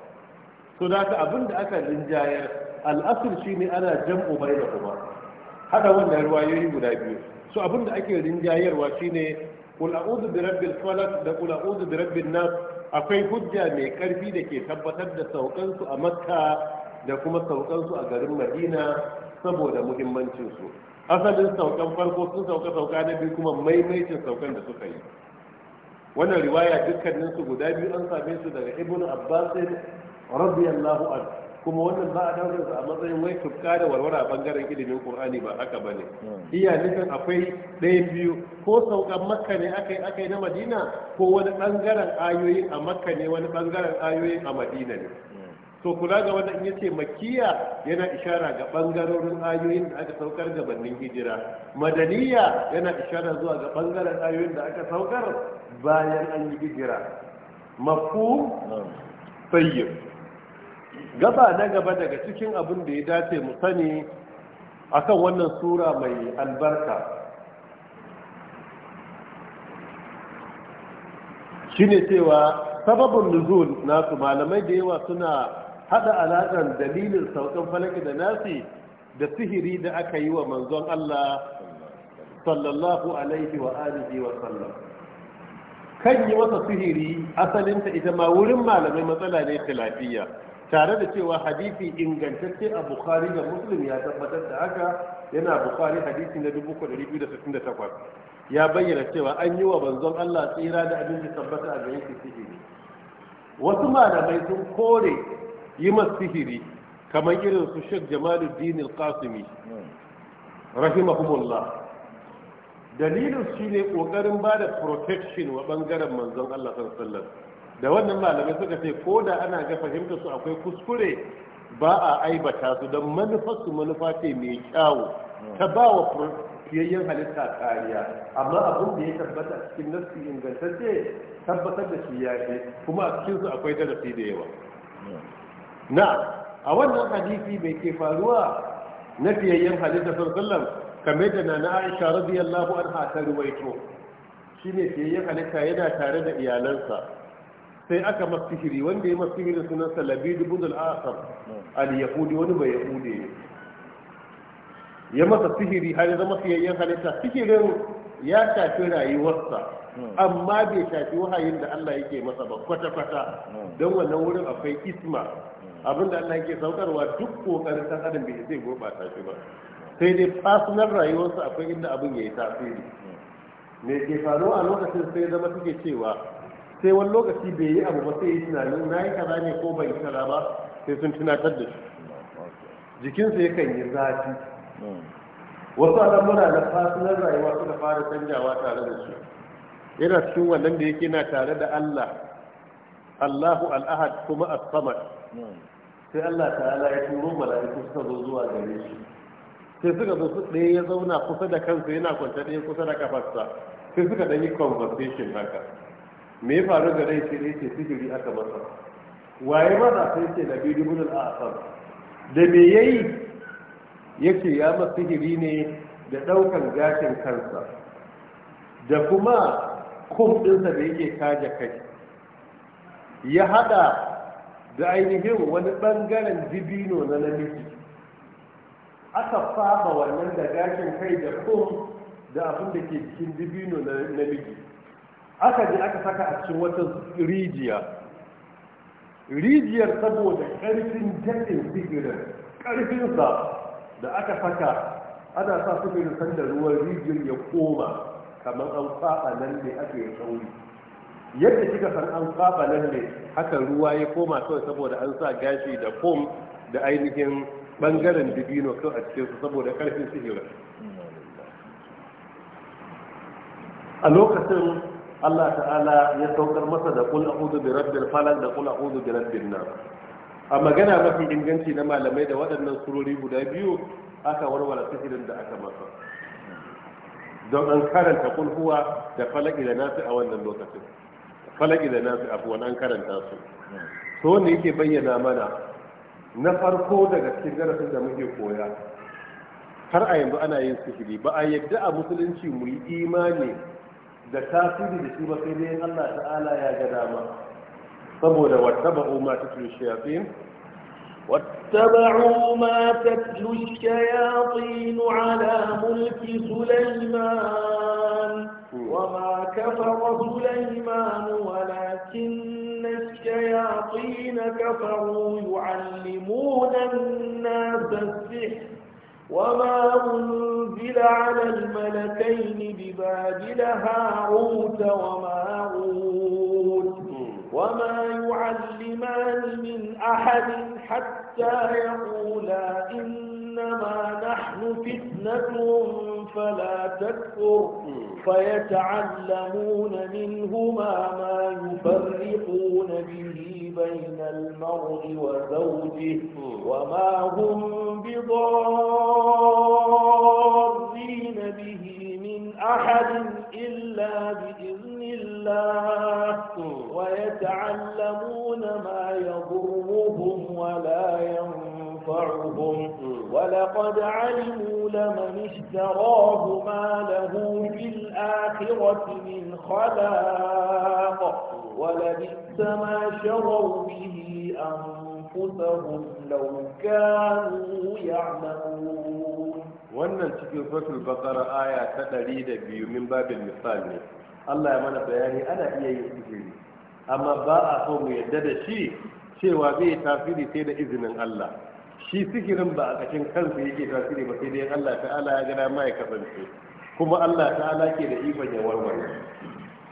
so da ka abin da aka rinjayar al'asir shi ne ana jam'u bai da kuma hada wannan ruwayoyi guda biyu so abin da ake rinjayarwa shi ne kula'udu bi rabbil falak da kula'udu bi rabbil nas akwai hujja mai karfi da ke tabbatar da saukan su a makka da kuma saukan su a garin madina saboda muhimmancin su asalin saukan farko sun sauka sauka na biyu kuma maimaitin saukan da suka yi wannan riwaya dukkanin su guda biyu an same su daga ibnu abbas radiyallahu an kuma wannan ba a daura su a matsayin wai tufka da warwara a bangaren ilimin qur'ani ba haka bane hmm. iya nufin akwai ɗaya biyu ko saukan makka ne akai akai na madina ko wani bangaren ayoyi a makka ne wani bangaren ayoyi a madina ne to kula ga wannan in yace makkiya yana ishara ga bangarorin ayoyin da aka saukar gabanin hijira madaniya yana ishara zuwa ga bangaren ayoyin da aka saukar bayan an yi hijira Mafu, tayyib gaba na gaba daga cikin abin da ya dace mu sani akan wannan sura mai albarka shine cewa sababin nuzul nasu malamai da yawa suna hada alaƙar dalilin saukan falaki da nasi da sihiri da aka yi wa manzon Allah sallallahu alaihi wa alihi wa sallam kan yi masa sihiri asalinta ita ma wurin malamai matsala ne ta lafiya. tare da cewa hadisi ingantacce a bukhari da muslim ya tabbatar da haka yana bukhari hadisi na 2268 ya bayyana cewa an yi wa banzon allah tsira da abin da tabbata a gare shi sihiri wasu malamai sun kore yi sihiri kamar irin su Sheikh Jamaluddin Al-Qasimi rahimahumullah dalilin shi ne ƙoƙarin ba da protection wa ɓangaren manzon Allah sallallahu da wannan malamai suka ce ko da ana ga fahimta su akwai kuskure ba a aibata su don manufarsu manufa ce mai kyawu ta ba wa fiyayyen halitta kariya amma abin da ya tabbata cikin nasu ingantacce tabbatar da shi ya kuma a cikinsu akwai darasi da yawa na a wannan hadisi mai ke faruwa na fiyayyen halitta sallallahu kame da na aisha radiyallahu hatar waito Shi ne fiyayyen halitta yana tare da iyalansa sai aka mafihiri wanda ya masihiri sunan salabi da al'asar al-yahudi wani bai yahudi ya masa sihiri har zama fiyayyen halitta sihirin ya shafi rayuwarsa amma bai shafi wahayin da Allah yake masa ba kwata-kwata hmm. don wannan wurin akwai isma abinda Allah yake saukarwa duk kokarin ɗan adam bai zai gurbata shi ba sai dai fasunar rayuwarsa akwai inda abin ya yi tasiri me ke faruwa a lokacin sai zama suke cewa sai wani lokaci bai yi abu ba sai yi tunanin na yi kaza ne ko bai kaza ba sai sun tunatar da shi jikinsa yakan yi zafi wasu al'amura na fasunar rayuwa suka fara canjawa tare da shi yana cikin wannan da yake na tare da Allah Allahu al-Ahad kuma as-Samad sai Allah ta'ala ya turo mala'iku suka zo zuwa gare shi sai suka zo su ɗaya ya zauna kusa da kansa yana kwanta ɗaya kusa da kafarsa sai suka ɗan yi conversation haka me ya faru da rai sai ce sigiri aka masa waye maza sai ce na biyu a al'asar da me ya yi ya ce ya masa sigiri ne da ɗaukan gashin kansa da kuma kum da yake kaje kai ya haɗa da ainihin wani ɓangaren dibino na namiji aka faba wannan da gashin kai da kum da abin da ke cikin dibino na namiji aka je aka saka a cikin wata rijiya rijiyar saboda ƙarfin daɗin sigirin ƙarfinsa da aka saka ana sa sigirin sanda ruwan rijiyar ya koma kamar an faɗa nan ne aka yi tsauri yadda kika san an kafa nan ne haka ruwa ya koma kawai saboda an sa gashi da fom da ainihin bangaren dibino kan a cikinsu saboda karfin sihirin a lokacin Allah ta'ala ya saukar masa da kula hudu da rabbin falaq da kula hudu da rabbin nan. a magana mafi inganci na malamai da waɗannan surori guda biyu aka warware sihirin da aka masa don an karanta kulhuwa da falaki da nasi a wannan lokacin falaki da nasu abuwan an karanta su so wanda yake bayyana mana na farko daga cikin darasin da muke koya har a yanzu ana yin sihiri ba a yadda a musulunci mu yi imani da tasiri da shi ba sai dai Allah ta'ala ya ga dama saboda wattaba'u ma tatlu shayatin واتبعوا ما تتلو الشياطين على ملك سليمان وما كفر سليمان الذين كفروا يعلمون الناس السحر وما أنزل على الملكين ببابل هاروت وماروت وما يعلمان من أحد حتى يقولا إن إنما نحن فتنة فلا تكفر فيتعلمون منهما ما يفرقون به بين المرء وزوجه وما هم بضارين به من أحد إلا بإذن الله ويتعلمون ما يضرهم ولا ينفعهم ولقد علموا لمن اشتراه ما له في الآخرة من خلاق ولبئس ما شروا به أنفسهم لو كانوا يعلمون wannan cikin suratul baqara aya ta 102 min babin misal ne Allah ya mana bayani ana iya yin sihiri amma ba a so mu yadda da shi cewa zai tafiri sai da izinin Allah shi sikirin ba a cikin kansa yake tasiri ba sai dai Allah ta'ala ya gana ma kasance kuma Allah ta'ala ke da ikon ya warware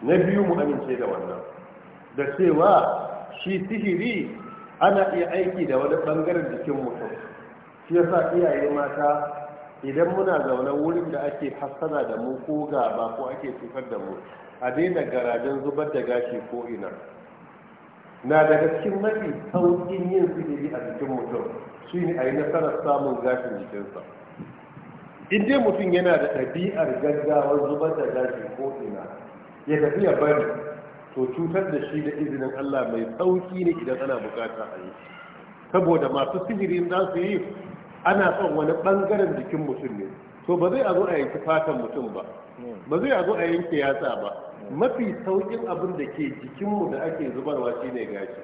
na biyu mu amince da wannan da cewa shi sihiri ana iya aiki da wani bangaren jikin mutum shi yasa iyaye mata idan muna zaune wurin da ake hassana da mu ko gaba ko ake cutar da mu a daina garajen zubar da gashi ko ina na daga cikin mafi sauƙin yin sihiri a jikin mutum shi ne a yi nasarar samun gashin jikinsa in dai mutum yana da ɗabi'ar gaggawar zubar da gashi ko ina ya tafi ya bari to cutar da shi da izinin Allah mai sauƙi ne idan ana bukata a yi saboda masu sihirin za su yi ana son wani ɓangaren jikin mutum ne to ba zai a zo a yanki fatan mutum ba ba zai zo a yanke yatsa ba mafi saukin abin da ke jikinmu da ake zubarwa shine gashi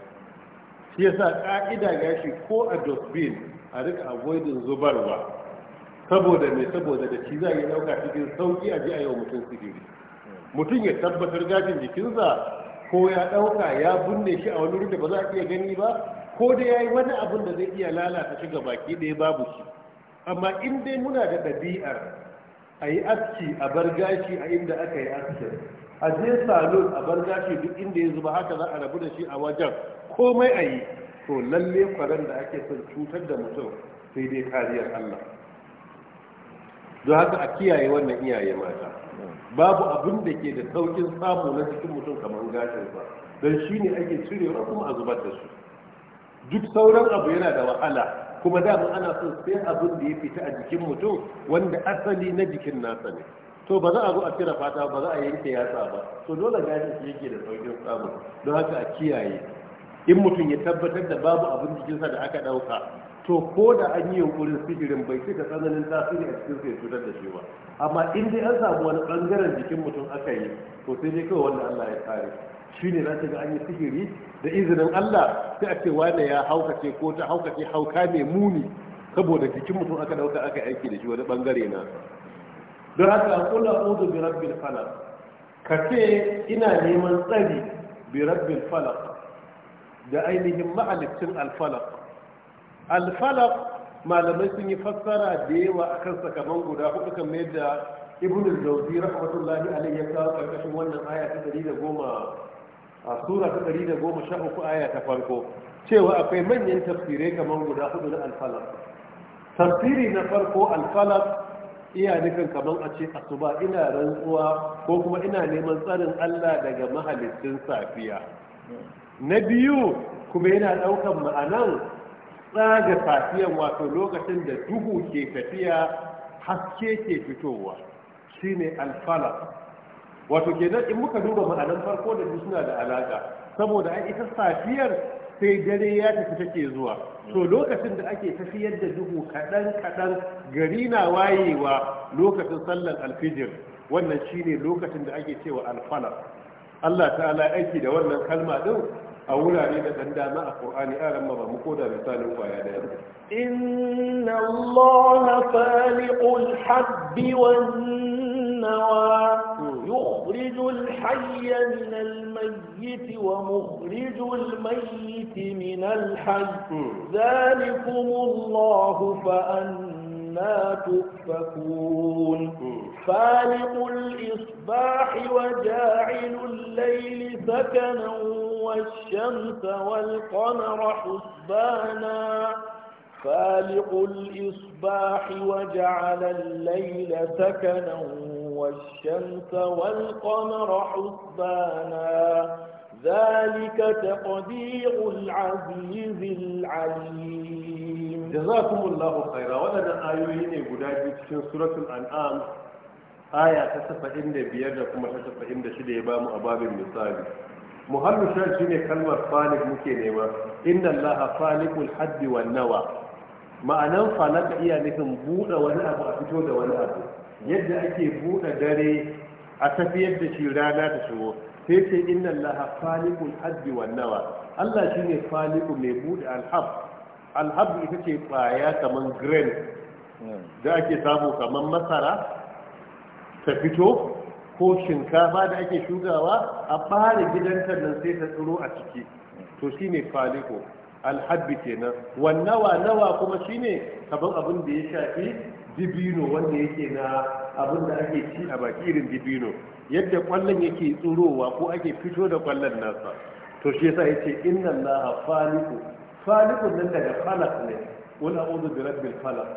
shi ya sa ƙa'ida gashi ko a dustbin a rika avoidin zubarwa saboda mai saboda da shi za a yi ɗauka cikin sauki a ji a yau mutum sigiri mutum ya tabbatar gashin jikinsa ko ya ɗauka ya binne shi a wani da ba za a iya gani ba ko da ya yi wani abin da zai iya lalata shi ga baki ɗaya babu shi amma in dai muna da ɗabi'ar a yi aski a bar gashi a inda aka yi aski a je salon a bar gashi duk inda ya zuba haka za a rabu da shi a wajen komai a yi to lalle kwaran da ake son cutar da mutum sai dai kariyar Allah don haka a kiyaye wannan iyaye mata babu abin da ke da saukin samu na cikin mutum kamar gashin ba, don shi ne ake cirewa kuma a zubar da su duk sauran abu yana da wahala kuma dama ana so sai abin da ya fita a jikin mutum wanda asali na jikin nasa ne to ba za a zo a cire fata ba za a yanke yatsa ba to dole gashi shi yake da saukin samu don haka a kiyaye in mutum ya tabbatar da babu abin jikinsa da aka ɗauka to ko da an yi yunkurin sihirin bai cika tsananin tasiri a cikin sai cutar da shi ba amma in dai an samu wani bangaren jikin mutum aka yi to sai dai kawai wanda Allah ya kare shi ne za ga an yi sihiri da izinin Allah sai a ce wane ya haukace ko ta haukace hauka mai muni saboda jikin mutum aka dauka aka aiki da shi wani bangare na don haka kula uzu bi rabbil falaq ka ce ina neman tsari bi rabbil falaq da ainihin ma'alicin alfalaq alfalaq malamai sun yi fassara da yawa akan sakaman guda hudu kamar da ibnu zawzi rahmatullahi alaihi ya kawo karkashin wannan aya ta 110 a sura ta da goma uku aya ta farko cewa akwai manyan tafsirai kamar guda hudu na alfalar tafsiri na farko alfalar iya nufin kamar a ce asuba ina rantsuwa ko kuma ina neman tsarin allah daga mahalicin safiya na biyu kuma yana ɗaukan ma'anan tsaga safiyan wato lokacin da duhu ke tafiya haske ke fitowa shine alfalar wato kenan in muka duba ma'anar farko da suna da alaka saboda ai ita safiyar sai dare ya tafi take zuwa to lokacin da ake tafiyar da duhu kaɗan kaɗan gari na wayewa lokacin sallar alfijir wannan shine lokacin da ake cewa alfala Allah ta'ala aiki da wannan kalma din a wurare da dan dama a qur'ani aran ma ba mu koda misalin kwaya daya inna allaha faliqul habbi wan النوى يخرج الحي من الميت ومخرج الميت من الحي ذلكم الله فأنا عما تؤفكون فالق الإصباح وجاعل الليل سكنا والشمس والقمر حسبانا فالق الإصباح وجعل الليل سكنا والشمس والقمر حسبانا ذلك تقدير العزيز العليم jazakumullahu khaira waɗannan ayoyi ne guda biyu cikin suratul an'am aya ta saba'in da biyar da kuma ta saba'in da shida ya bamu a babin misali muhallu shan shine ne kalmar falik muke nema inna allah falikul haddi wan nawa ma'anan falaka iya nufin buɗe wani abu a fito da wani abu yadda ake buɗe dare a tafiyar da shi rana ta shigo sai ce inna allah falikul haddi wan nawa allah shine faliku mai buɗe alhab alhabu ita ce kwaya kamar grain da ake samu kamar masara ta fito ko shinkafa da ake shugawa a fara gidanta nan sai ta tsoro a ciki to shi ne faliko alhabbi kenan wannawa nawa kuma shi ne kamar abin da ya shafi dibino wanda yake na abin da ake ci a baki irin dibino yadda kwallon yake tsorowa ko ake fito da kwallon nasa to shi yasa yace inna allaha faliku khaliqun nan daga khalaq ne wani a'udhu bi rabbil falaq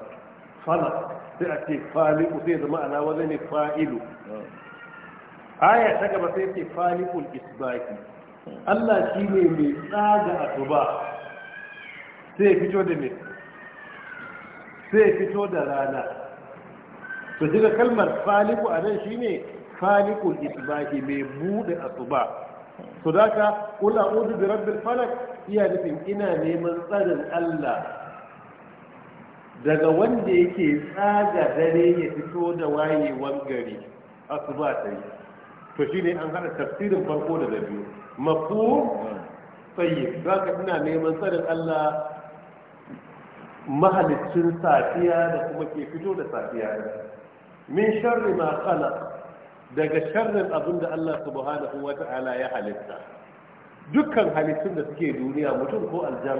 falaq sai a ce faliku sai zama ana wani ne fa'ilu aya ta gaba sai ce khaliqul isbaki Allah shi ne mai tsaga a asuba sai fito da me sai fito da rana to shiga kalmar faliku a nan shine khaliqul isbaki mai bude asuba to da ka kula udu bi rabbil falaq iya nufin ina neman tsarin Allah daga wanda yake tsaga dare ya fito da wayewan gari asuba ta yi to shi ne an haɗa tafsirin farko da da biyu mafu tsaye za ka ina neman tsarin Allah mahalicin safiya da kuma ke fito da safiya min sharri ma khalaq daga sharrin abin da Allah subhanahu wata'ala ya halitta dukkan halittun da suke duniya mutum ko aljan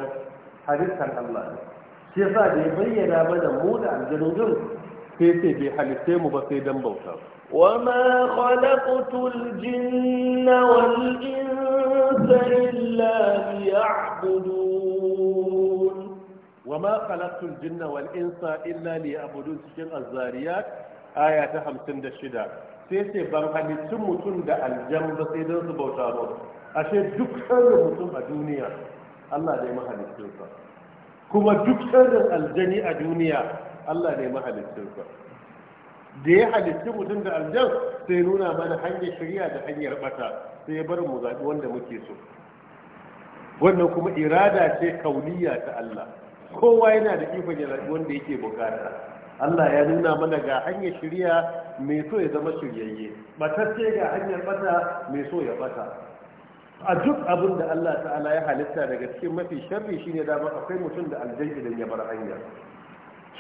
halittar Allah ne shi yasa da ya bayyana mana mu da aljanu din sai sai bai halitte mu ba sai dan bauta وما خلقت الجن والإنس إلا ليعبدون وما خلقت الجن والإنس إلا ليعبدون سكين الزاريات آية 56 sai sai ban halittun mutum da aljan ba sai don su bauta ba. ashe duk sanin mutum a duniya Allah ne mahalittinsa kuma duk sanin aljani a duniya Allah ne mahalittinsa da ya halicci mutum da aljan sai nuna mana hanyar shirya da hanyar bata sai ya bar mu zaɓi wanda muke so wannan kuma irada ce kauliya ta Allah kowa yana da ikon ya zaɓi wanda yake bukata Allah ya nuna mana ga hanyar shirya mai so ya zama shiryayye batacce ga hanyar bata mai so ya bata a duk abin da Allah ta'ala ya halitta daga cikin mafi sharri shine dama akwai mutum da aljan idan ya bar hanya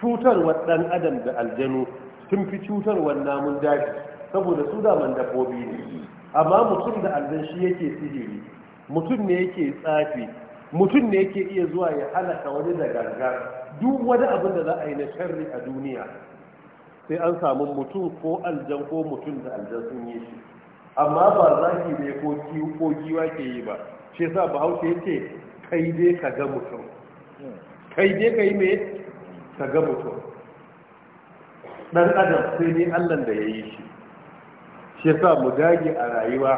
cutarwar dan adam da aljanu sun fi cutarwar namun daji saboda su man dabbobi ne amma mutum da aljan shi yake sihiri mutum ne yake tsafi mutum ne yake iya zuwa ya halaka wani da gangar duk wani abin da za a yi na sharri a duniya sai an samu mutum ko aljan ko mutum da aljan sun yi shi amma ba zaki ne ko ko ke yi ba shi yasa bahaushe ce kai dai ka ga mutum kai dai kai me ka ga mutum dan adam sai dai Allah da yayi shi shi yasa mu dage a rayuwa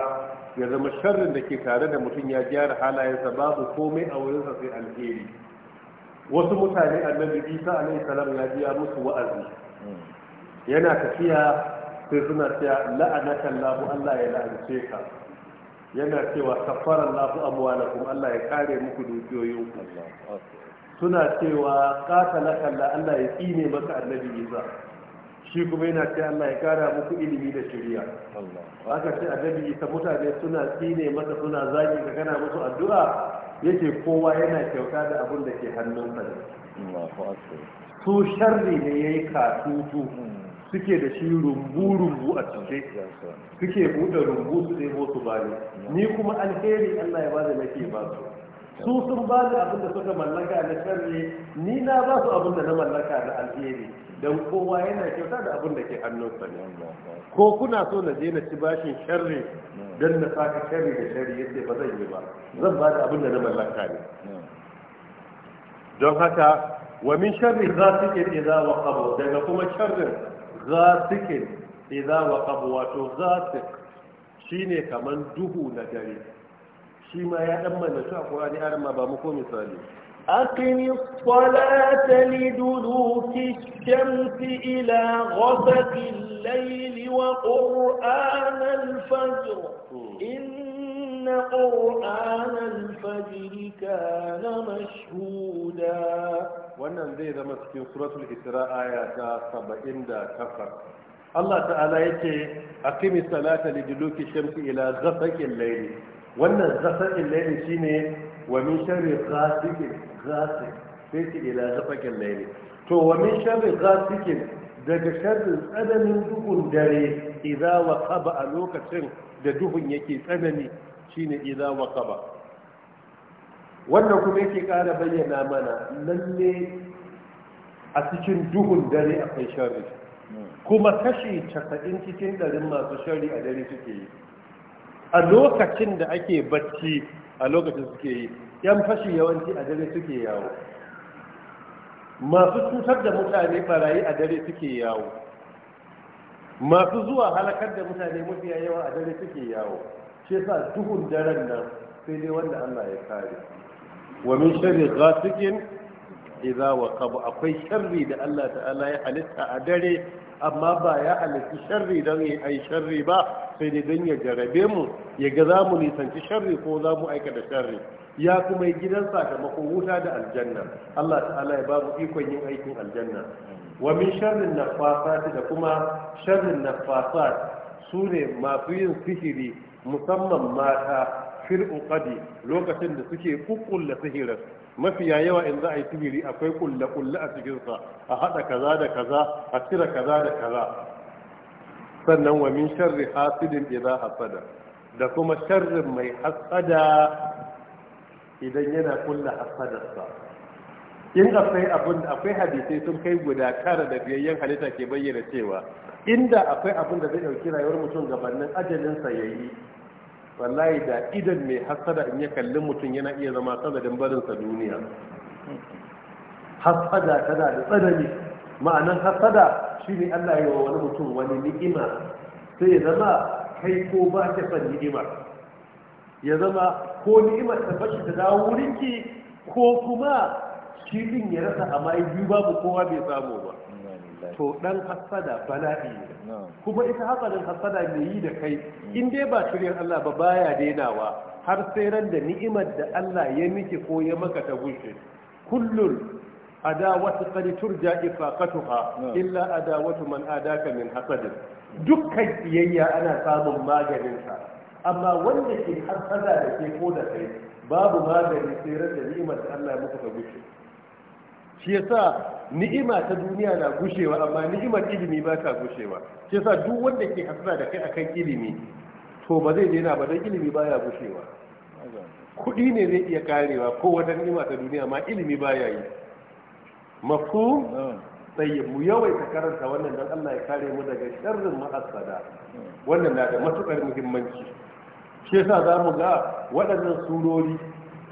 ya zama sharrin da ke tare da mutum ya gyara halayensa babu komai a wurinsa sai alheri wasu mutane annabi isa alaihi salam ya biya musu wa'azi yana tafiya sai suna cewa la'anaka Allahu Allah ya la'ance ka yana cewa kafara Allahu amwalakum Allah ya kare muku dukiyoyin ku suna cewa qatalaka Allah Allah ya tsine maka annabi Isa shi kuma yana ce Allah ya kara muku ilimi da shiriya haka ce annabi Isa mutane suna tsine masa suna zagi ka kana musu addu'a yake kowa yana kyauta da abin da ke hannunsa ne su sharri ne yayi katutu suke da shi rumbu-rumbu a cike suke buɗe rumbu su ɗebo su bani ni kuma alheri Allah ya bada nake ba su su sun bani abin da suka mallaka na sharri ni na ba su abin da na mallaka na alheri don kowa yana kyauta da abin da ke sa ne ko kuna so na je na ci bashin sharri don na saka sharri da sharri yadda ba zan yi ba zan ba da abin da na mallaka ne don haka wa min sharri zatikin idza waqaba daga kuma sharrin zatikin iza wa ƙabu wato zatik shine ne kamar duhu na dare shima ya ɗan mana shi a ƙwari arin ma ba mu ko misali aqimi ṣwalata li duduki shamsi ila ghasaki laili wa ƙur'an al إن قرآن الفجر كان مشهودا wannan zai zama cikin suratul isra aya ta 78 Allah ta'ala yace aqimi salata liduluki shamsi ila ghasaqil layl wannan ghasaqil layl shine wa min sharri ghasiqin ghasiq sai ce ila ghasaqil layl to wa min sharri ghasiqin daga sharrin tsananin duhun dare idza waqaba a lokacin da duhun yake tsanani shine wa kaba wannan kuma yake ƙara bayyana mana lalle a cikin duhun dare akwai sharri kuma kashi 90 cikin ɗarin masu sharri a dare suke yi a lokacin da ake bacci a lokacin suke yi yan fashi yawanci a dare suke yawo masu cutar da mutane barayi a dare suke yawo masu zuwa halakar da mutane mafiya yawa a dare suke yawo shi yasa duhun daren nan sai dai wanda Allah ya kare wa min sharri ghasiqin idza waqab akwai sharri da Allah ta'ala ya halitta a dare amma ba ya halitta sharri don ya ai sharri ba sai dai dan ya jarabe mu ya ga zamu nisanci sharri ko za mu aikata sharri ya kuma yi gidan sakamakon wuta da aljanna Allah ta'ala ya ba mu ikon yin aikin aljanna wa min sharrin nafasat da kuma sharrin nafasat su ne masu yin sihiri musamman mata fil uqadi lokacin da suke kukkulla sihirar, mafiya yawa in za a yi sihiri akwai kulla kulle a cikinsa a haɗa kaza da kaza a cire kaza da kaza sannan wa min sharri hasidin idza hasada da kuma sharrin mai hasada idan yana kulla hasadarsa in akwai abin akwai hadisai sun kai guda tara da biyayyen halitta ke bayyana cewa inda akwai abin da zai dauki rayuwar mutum gabanin ajalin sa yayi wallahi da idan mai hasada in ya kalli mutum yana iya zama sanadin barin sa duniya hasada tana da tsanani ma'anan hasada shine Allah ya wa wani mutum wani ni'ima sai ya zama kai ko ba ka san ni'imar ya zama ko ni'imar ta bashi ta dawo wurinki ko kuma shi ya rasa a mai biyu babu kowa bai samu ba to dan hasada bala'i ne kuma ita hasarin hasada mai yi da kai mm. in dai ba shirin Allah ba baya dainawa har sai ran da ni'imar da Allah ya miki ko ya maka ta gushe kullun adawatu qad turja ifaqatuha illa adawatu man adaka min hasadin dukkan iyayya ana samun maganin sa amma wanda ke hasada da ke ko da kai babu magani sai ran da ni'imar da Allah ya maka ta gushe shi yasa ni'ima ta duniya na gushewa amma ni'imar ilimi ba ta gushewa shi yasa duk wanda ke hasara da kai akan ilimi to ba zai daina ba don ilimi baya gushewa kuɗi ne zai iya karewa ko wata ni'ima ta duniya ma ilimi baya yi mafu tsaye mu yawaita karanta wannan don Allah ya kare mu daga sharrin ma'asada wannan na da matukar muhimmanci shi yasa za mu ga waɗannan surori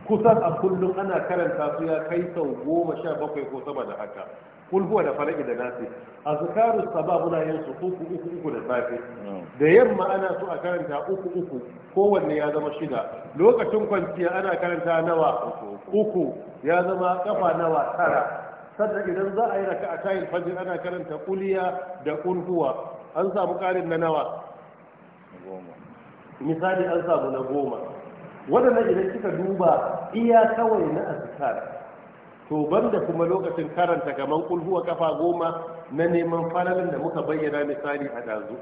kusan a kullum ana karanta su ya kai sau goma sha bakwai ko sama da haka kulhuwa da falaki da nasi azkaru sabah muna yin su uku uku uku da safe da yamma ana so a karanta uku uku kowanne ya zama shida lokacin kwanciya ana karanta nawa uku ya zama kafa nawa tara sannan idan za a yi raka a tayin fajr ana karanta kuliya da kulhuwa an samu karin na nawa misali an samu na goma waɗannan idan kika duba iya kawai na azkar to banda kuma lokacin karanta kamar kul kafa goma na neman falalin da muka bayyana misali a dazu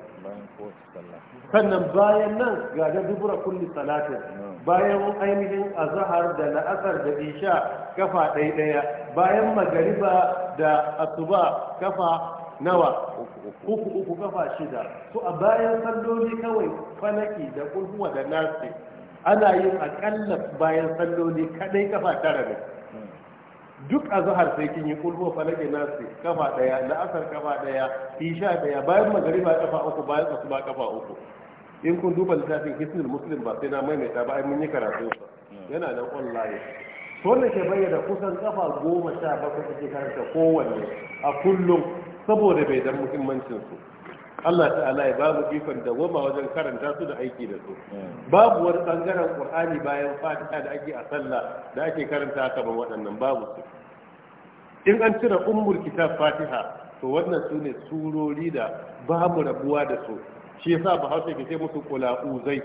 sannan bayan nan ga da dubura kulli salatin bayan ainihin azhar da la'asar da isha kafa ɗaya ɗaya bayan magariba da asuba kafa nawa uku uku kafa shida to a bayan salloli kawai falaki da kulhuwa da nasi ana yin akalla bayan salloli kadai kafa tara ne duk a zuhar sai kin yi fa lake nasi kafa daya la'asar kafa daya isha daya bayan magariba kafa uku bayan asuba kafa uku in kun duba littafin hisnul muslim ba sai na maimaita ba ai mun yi karatu yana da online to wannan ke bayyana kusan kafa goma sha bakwai karanta kowanne a kullum saboda bai dan muhimmancin su Allah ta'ala ya babu ikon goma wajen karanta su da aiki da su hmm. babu wani bangaren qur'ani bayan fatiha da ake a sallah da ake karanta kamar waɗannan babu su in an cire ummul kitab fatiha to wannan su ne surori da babu rabuwa da su shi yasa ba hausa ke ce musu kula'uzai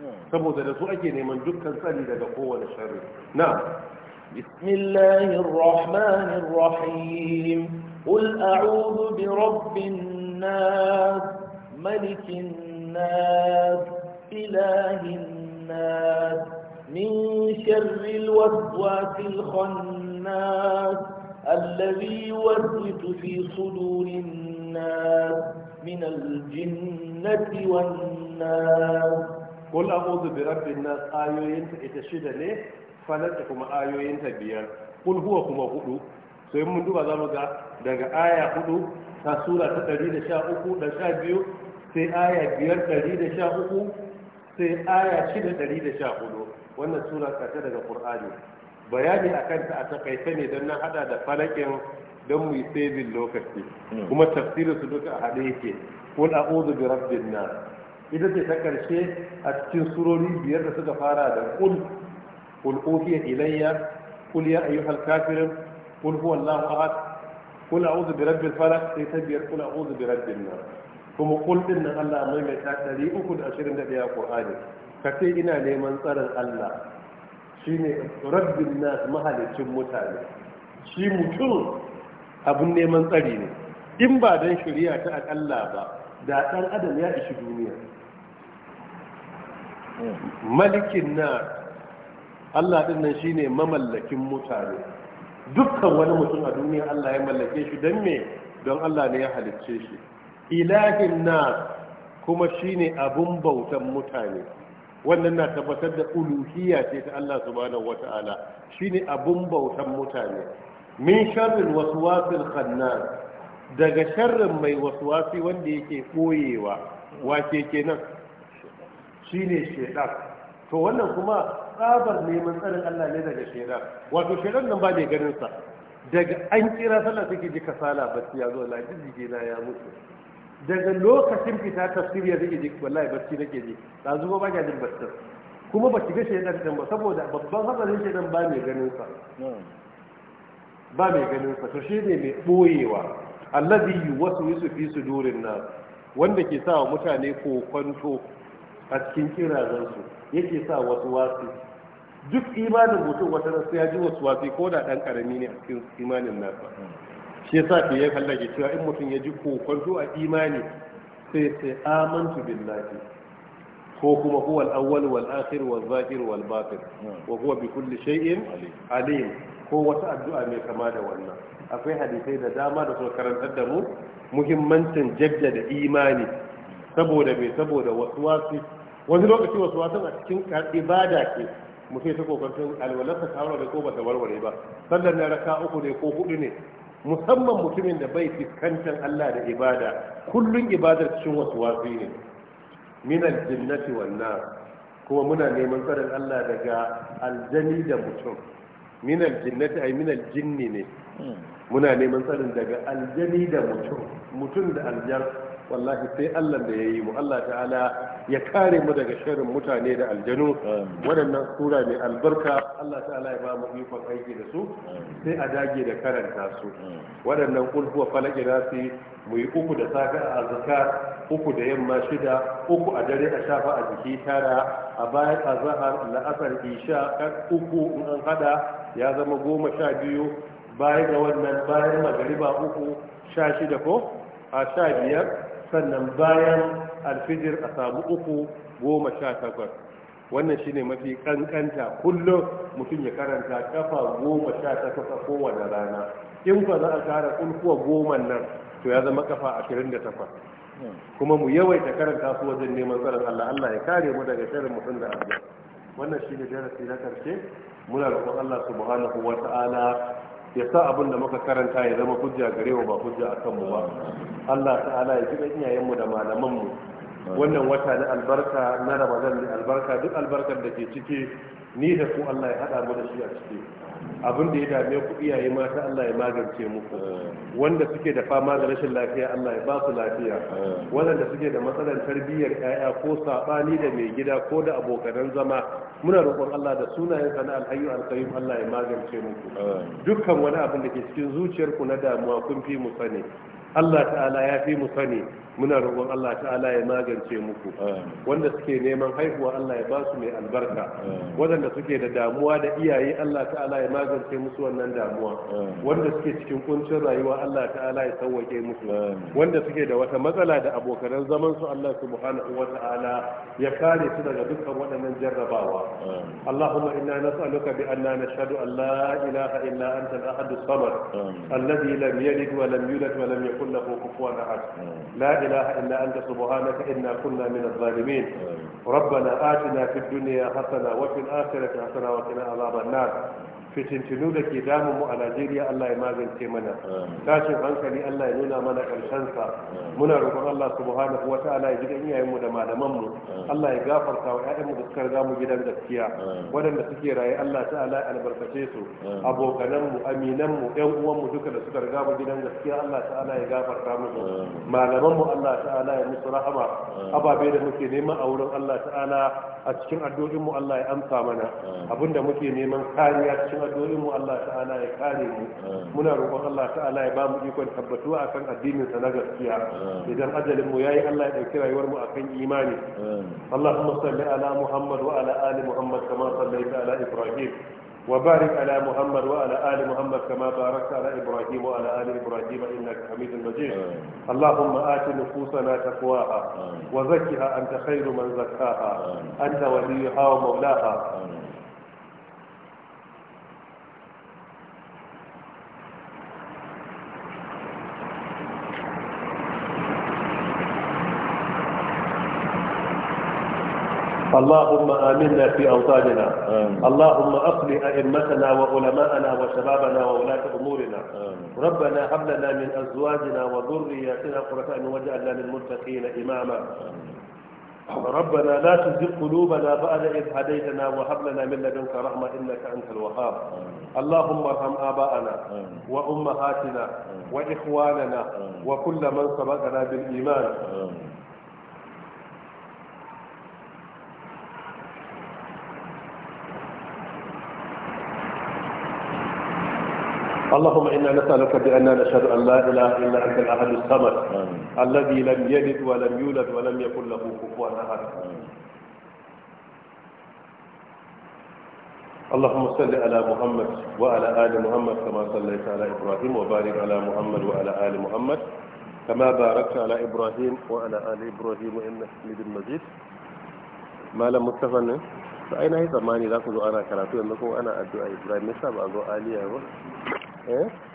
hmm. saboda da su ake neman dukkan tsari daga kowane sharri na'am بسم الله الرحمن الرحيم قل أعوذ برب الناس ملك الناس إله الناس من شر الوسواس الخناس الذي يوسوس في صدور الناس من الجنة والناس قل أعوذ برب الناس آيوين تشد ليه فلتكم آيوين تبيان قل هو كما هدو sai mun duba za mu ga daga aya hudu ta sura ta 113 da 12 sai aya 513 sai aya 614 wannan sura ta daga qur'ani bayani a kanta a takaice ne don na hada da falakin don mu yi saving lokaci hmm. kuma tafsirin su duka a haɗe yake kul a'udhu bi rabbin na. ita ce ta karshe a cikin surori biyar da suka fara da kul kul uhiya ilayya kul ya ayyuhal kafirun kul huwallahu ahad kul a'udhu bi rabbil falaq sai ta biyar kul a'udhu bi rabbin nas kuma kul din nan Allah mai mai ta 321 Qur'ani ka ce ina neman tsarin Allah shine rabbin nas mahalicin mutane shi mutum abun neman tsari ne in ba dan shari'a ta Allah ba da dan adam ya ishi duniya malikin na, Allah din nan shine mamallakin mutane dukkan wani mutum a duniya Allah ya mallake shi don me don Allah ne ya halicce shi ilahin na kuma ne abun bautan mutane wannan na tabbatar da uluhiyya ce ta Allah subhanahu Shi shine abun bautan mutane min sharrin waswasil khannas daga sharrin mai waswasi wanda yake koyewa wace kenan shine shedan to wannan kuma tsabar neman tsarin Allah ne daga shedan wato shedan nan ba mai ganin sa daga an kira sallah take ji kasala bacci ya zo la jike na ya mutu daga lokacin fita tafsiri ya zai ji wallahi bacci nake ji ta zuwa ba ga jin bacci kuma ba shiga shedan din ba saboda babban hatsarin shedan ba mai ganin sa ba mai ganin sa to shine mai boyewa allazi su fi sudurin nas wanda ke sa mutane kokonto a cikin kirazansu yake sa wasu wasu duk imanin mutum wata nasu ya ji wasu wafi ko da ɗan ƙarami ne a cikin imanin nasa shi yasa fiye kalla ke cewa in mutum ya ji kokonto a imani sai sai amantu billahi ko kuma huwa al-awwal wal akhir wal zahir wal batin wa huwa bi kulli shay'in alim ko wata addu'a mai kama da wannan akwai hadisai da dama da suka karantar da mu muhimmancin jaddada imani saboda mai saboda wasu wasu wani lokaci wasu wasan a cikin ibada ke mutum ta kokarta alwalarsa ta da ko bata warware ba sallar na raka uku ne ko hudu ne musamman mutumin da bai fuskantar Allah da ibada kullun ibadar cikin wasu wasu ne Minal jinnati wannan kuma muna neman tsarin Allah daga aljani da mutum Minal jinnati ai minal jinni ne hmm. muna neman tsarin daga aljani da mutum mutum da aljan wallahi sai Allah da yayi mu Allah ta'ala ya kare mu daga shirin mutane da aljanu waɗannan sura mai albarka Allah ta'ala ya ba mu ikon aiki da su sai a dage da karanta su waɗannan kul huwa falaki su mu yi uku da safe a azka uku da yamma shida uku a dare a shafa a jiki tara a bayan azhar la'asar isha uku in an hada ya zama goma sha biyu baya ga wannan bayan magariba uku sha shida ko a sha biyar sannan bayan alfijir a samu uku goma sha takwas wannan shine mafi kankanta kullum mutum ya karanta kafa goma sha takwas a kowane rana in ba za a kara kulkuwa goma nan to ya zama kafa ashirin da takwas kuma mu yawaita karanta su wajen neman tsaron Allah Allah ya kare mu daga sharrin mutum da Allah wannan shine darasi na karshe muna roƙon Allah subhanahu wata'ala ya sa abin da muka karanta ya zama hujja gare wa ba hujja akan mu ba Allah ta'ala ya ji iyayen iyayenmu da malamanmu wannan wata na albarka na ramadan ne albarka duk albarkar da ke ciki ni da ku Allah ya hada mu da shi a ciki abin da ya dame ku iyaye mata Allah ya magance muku wanda suke da fama da rashin lafiya Allah ya ba su lafiya wanda suke da matsalar tarbiyyar yaya ko sabani da mai gida ko da abokanan zama muna roƙon Allah da sunayen sana alhayyu alqayyum Allah ya magance muku dukkan wani abin da ke cikin zuciyarku na damuwa kun fi mu sani Allah ta'ala ya fi mu sani muna roƙon Allah ta'ala ya magance muku wanda suke neman haihuwa Allah ya ba su mai albarka waɗanda suke da damuwa da iyaye Allah ta'ala ya magance musu wannan damuwa wanda suke cikin kuncin rayuwa Allah ta'ala ya sauwake musu wanda suke da wata matsala da abokan zaman su Allah subhanahu wa ta'ala ya kare su daga dukkan waɗannan jarrabawa Allahumma inna nas'aluka bi anna nashhadu an la ilaha illa anta al-ahad as-samad alladhi lam yalid wa lam yulad wa lam yakul lahu kufuwan ahad la إله إلا أنت سبحانك إنا كنا من الظالمين ربنا آتنا في الدنيا حسنة وفي الآخرة حسنة وقنا عذاب النار fitintinu da ke damun mu a Najeriya Allah ya magance mana tashin hankali Allah ya nuna mana karshen sa muna roƙon Allah subhanahu wata'ala ya ji dan iyayen mu da malaman mu Allah ya gafarta wa ƴaƴan mu da suka riga mu gidan gaskiya waɗanda suke raye Allah ta'ala ya albarkace su abokanan mu aminan mu ƴan uwan mu duka da suka riga mu gidan gaskiya Allah ta'ala ya gafarta musu malaman mu Allah ta'ala ya musu rahama ababe da muke neman a wurin Allah ta'ala a cikin addu'o'in mu Allah ya amsa mana abinda muke neman kariya cikin addu'o'in mu Allah ta'ala ya kare mu muna roƙon Allah ta'ala ya bamu ikon tabbatuwa akan addinin sa na gaskiya idan ajalin mu yayi Allah ya dauki rayuwar mu akan imani Allahumma salli ala Muhammad wa ala ali Muhammad kama sallaita ala Ibrahim وبارك Ali محمد وعلى آل محمد كما باركت على إبراهيم وعلى آل إبراهيم إنك حميد مجيد اللهم آت نفوسنا تقواها وزكها أنت خير من زكاها اللهم آمنا في أوطاننا اللهم أقل أئمتنا وعلماءنا وشبابنا وولاة أمورنا ربنا هب لنا من أزواجنا وذرياتنا قرة أعين واجعلنا للمتقين إماما ربنا لا تزغ قلوبنا بعد إذ هديتنا وهب لنا من لدنك رحمة إنك أنت الوهاب اللهم ارحم آباءنا وأمهاتنا وإخواننا وكل من سبقنا بالإيمان اللهم إنا نسألك بأننا نشهد أن لا إله إلا أنت الأحد الصمد الذي لم يلد ولم يولد ولم يكن له كفوا أحد اللهم صل على محمد وعلى آل محمد كما صليت على إبراهيم وبارك على محمد وعلى آل محمد كما باركت على إبراهيم وعلى آل إبراهيم إنك حميد مجيد نعم. ما لم متفن أين هي زماني ذاك أنا كراتو أنكم أنا أدعو إبراهيم نسأل أدعو آلية eh?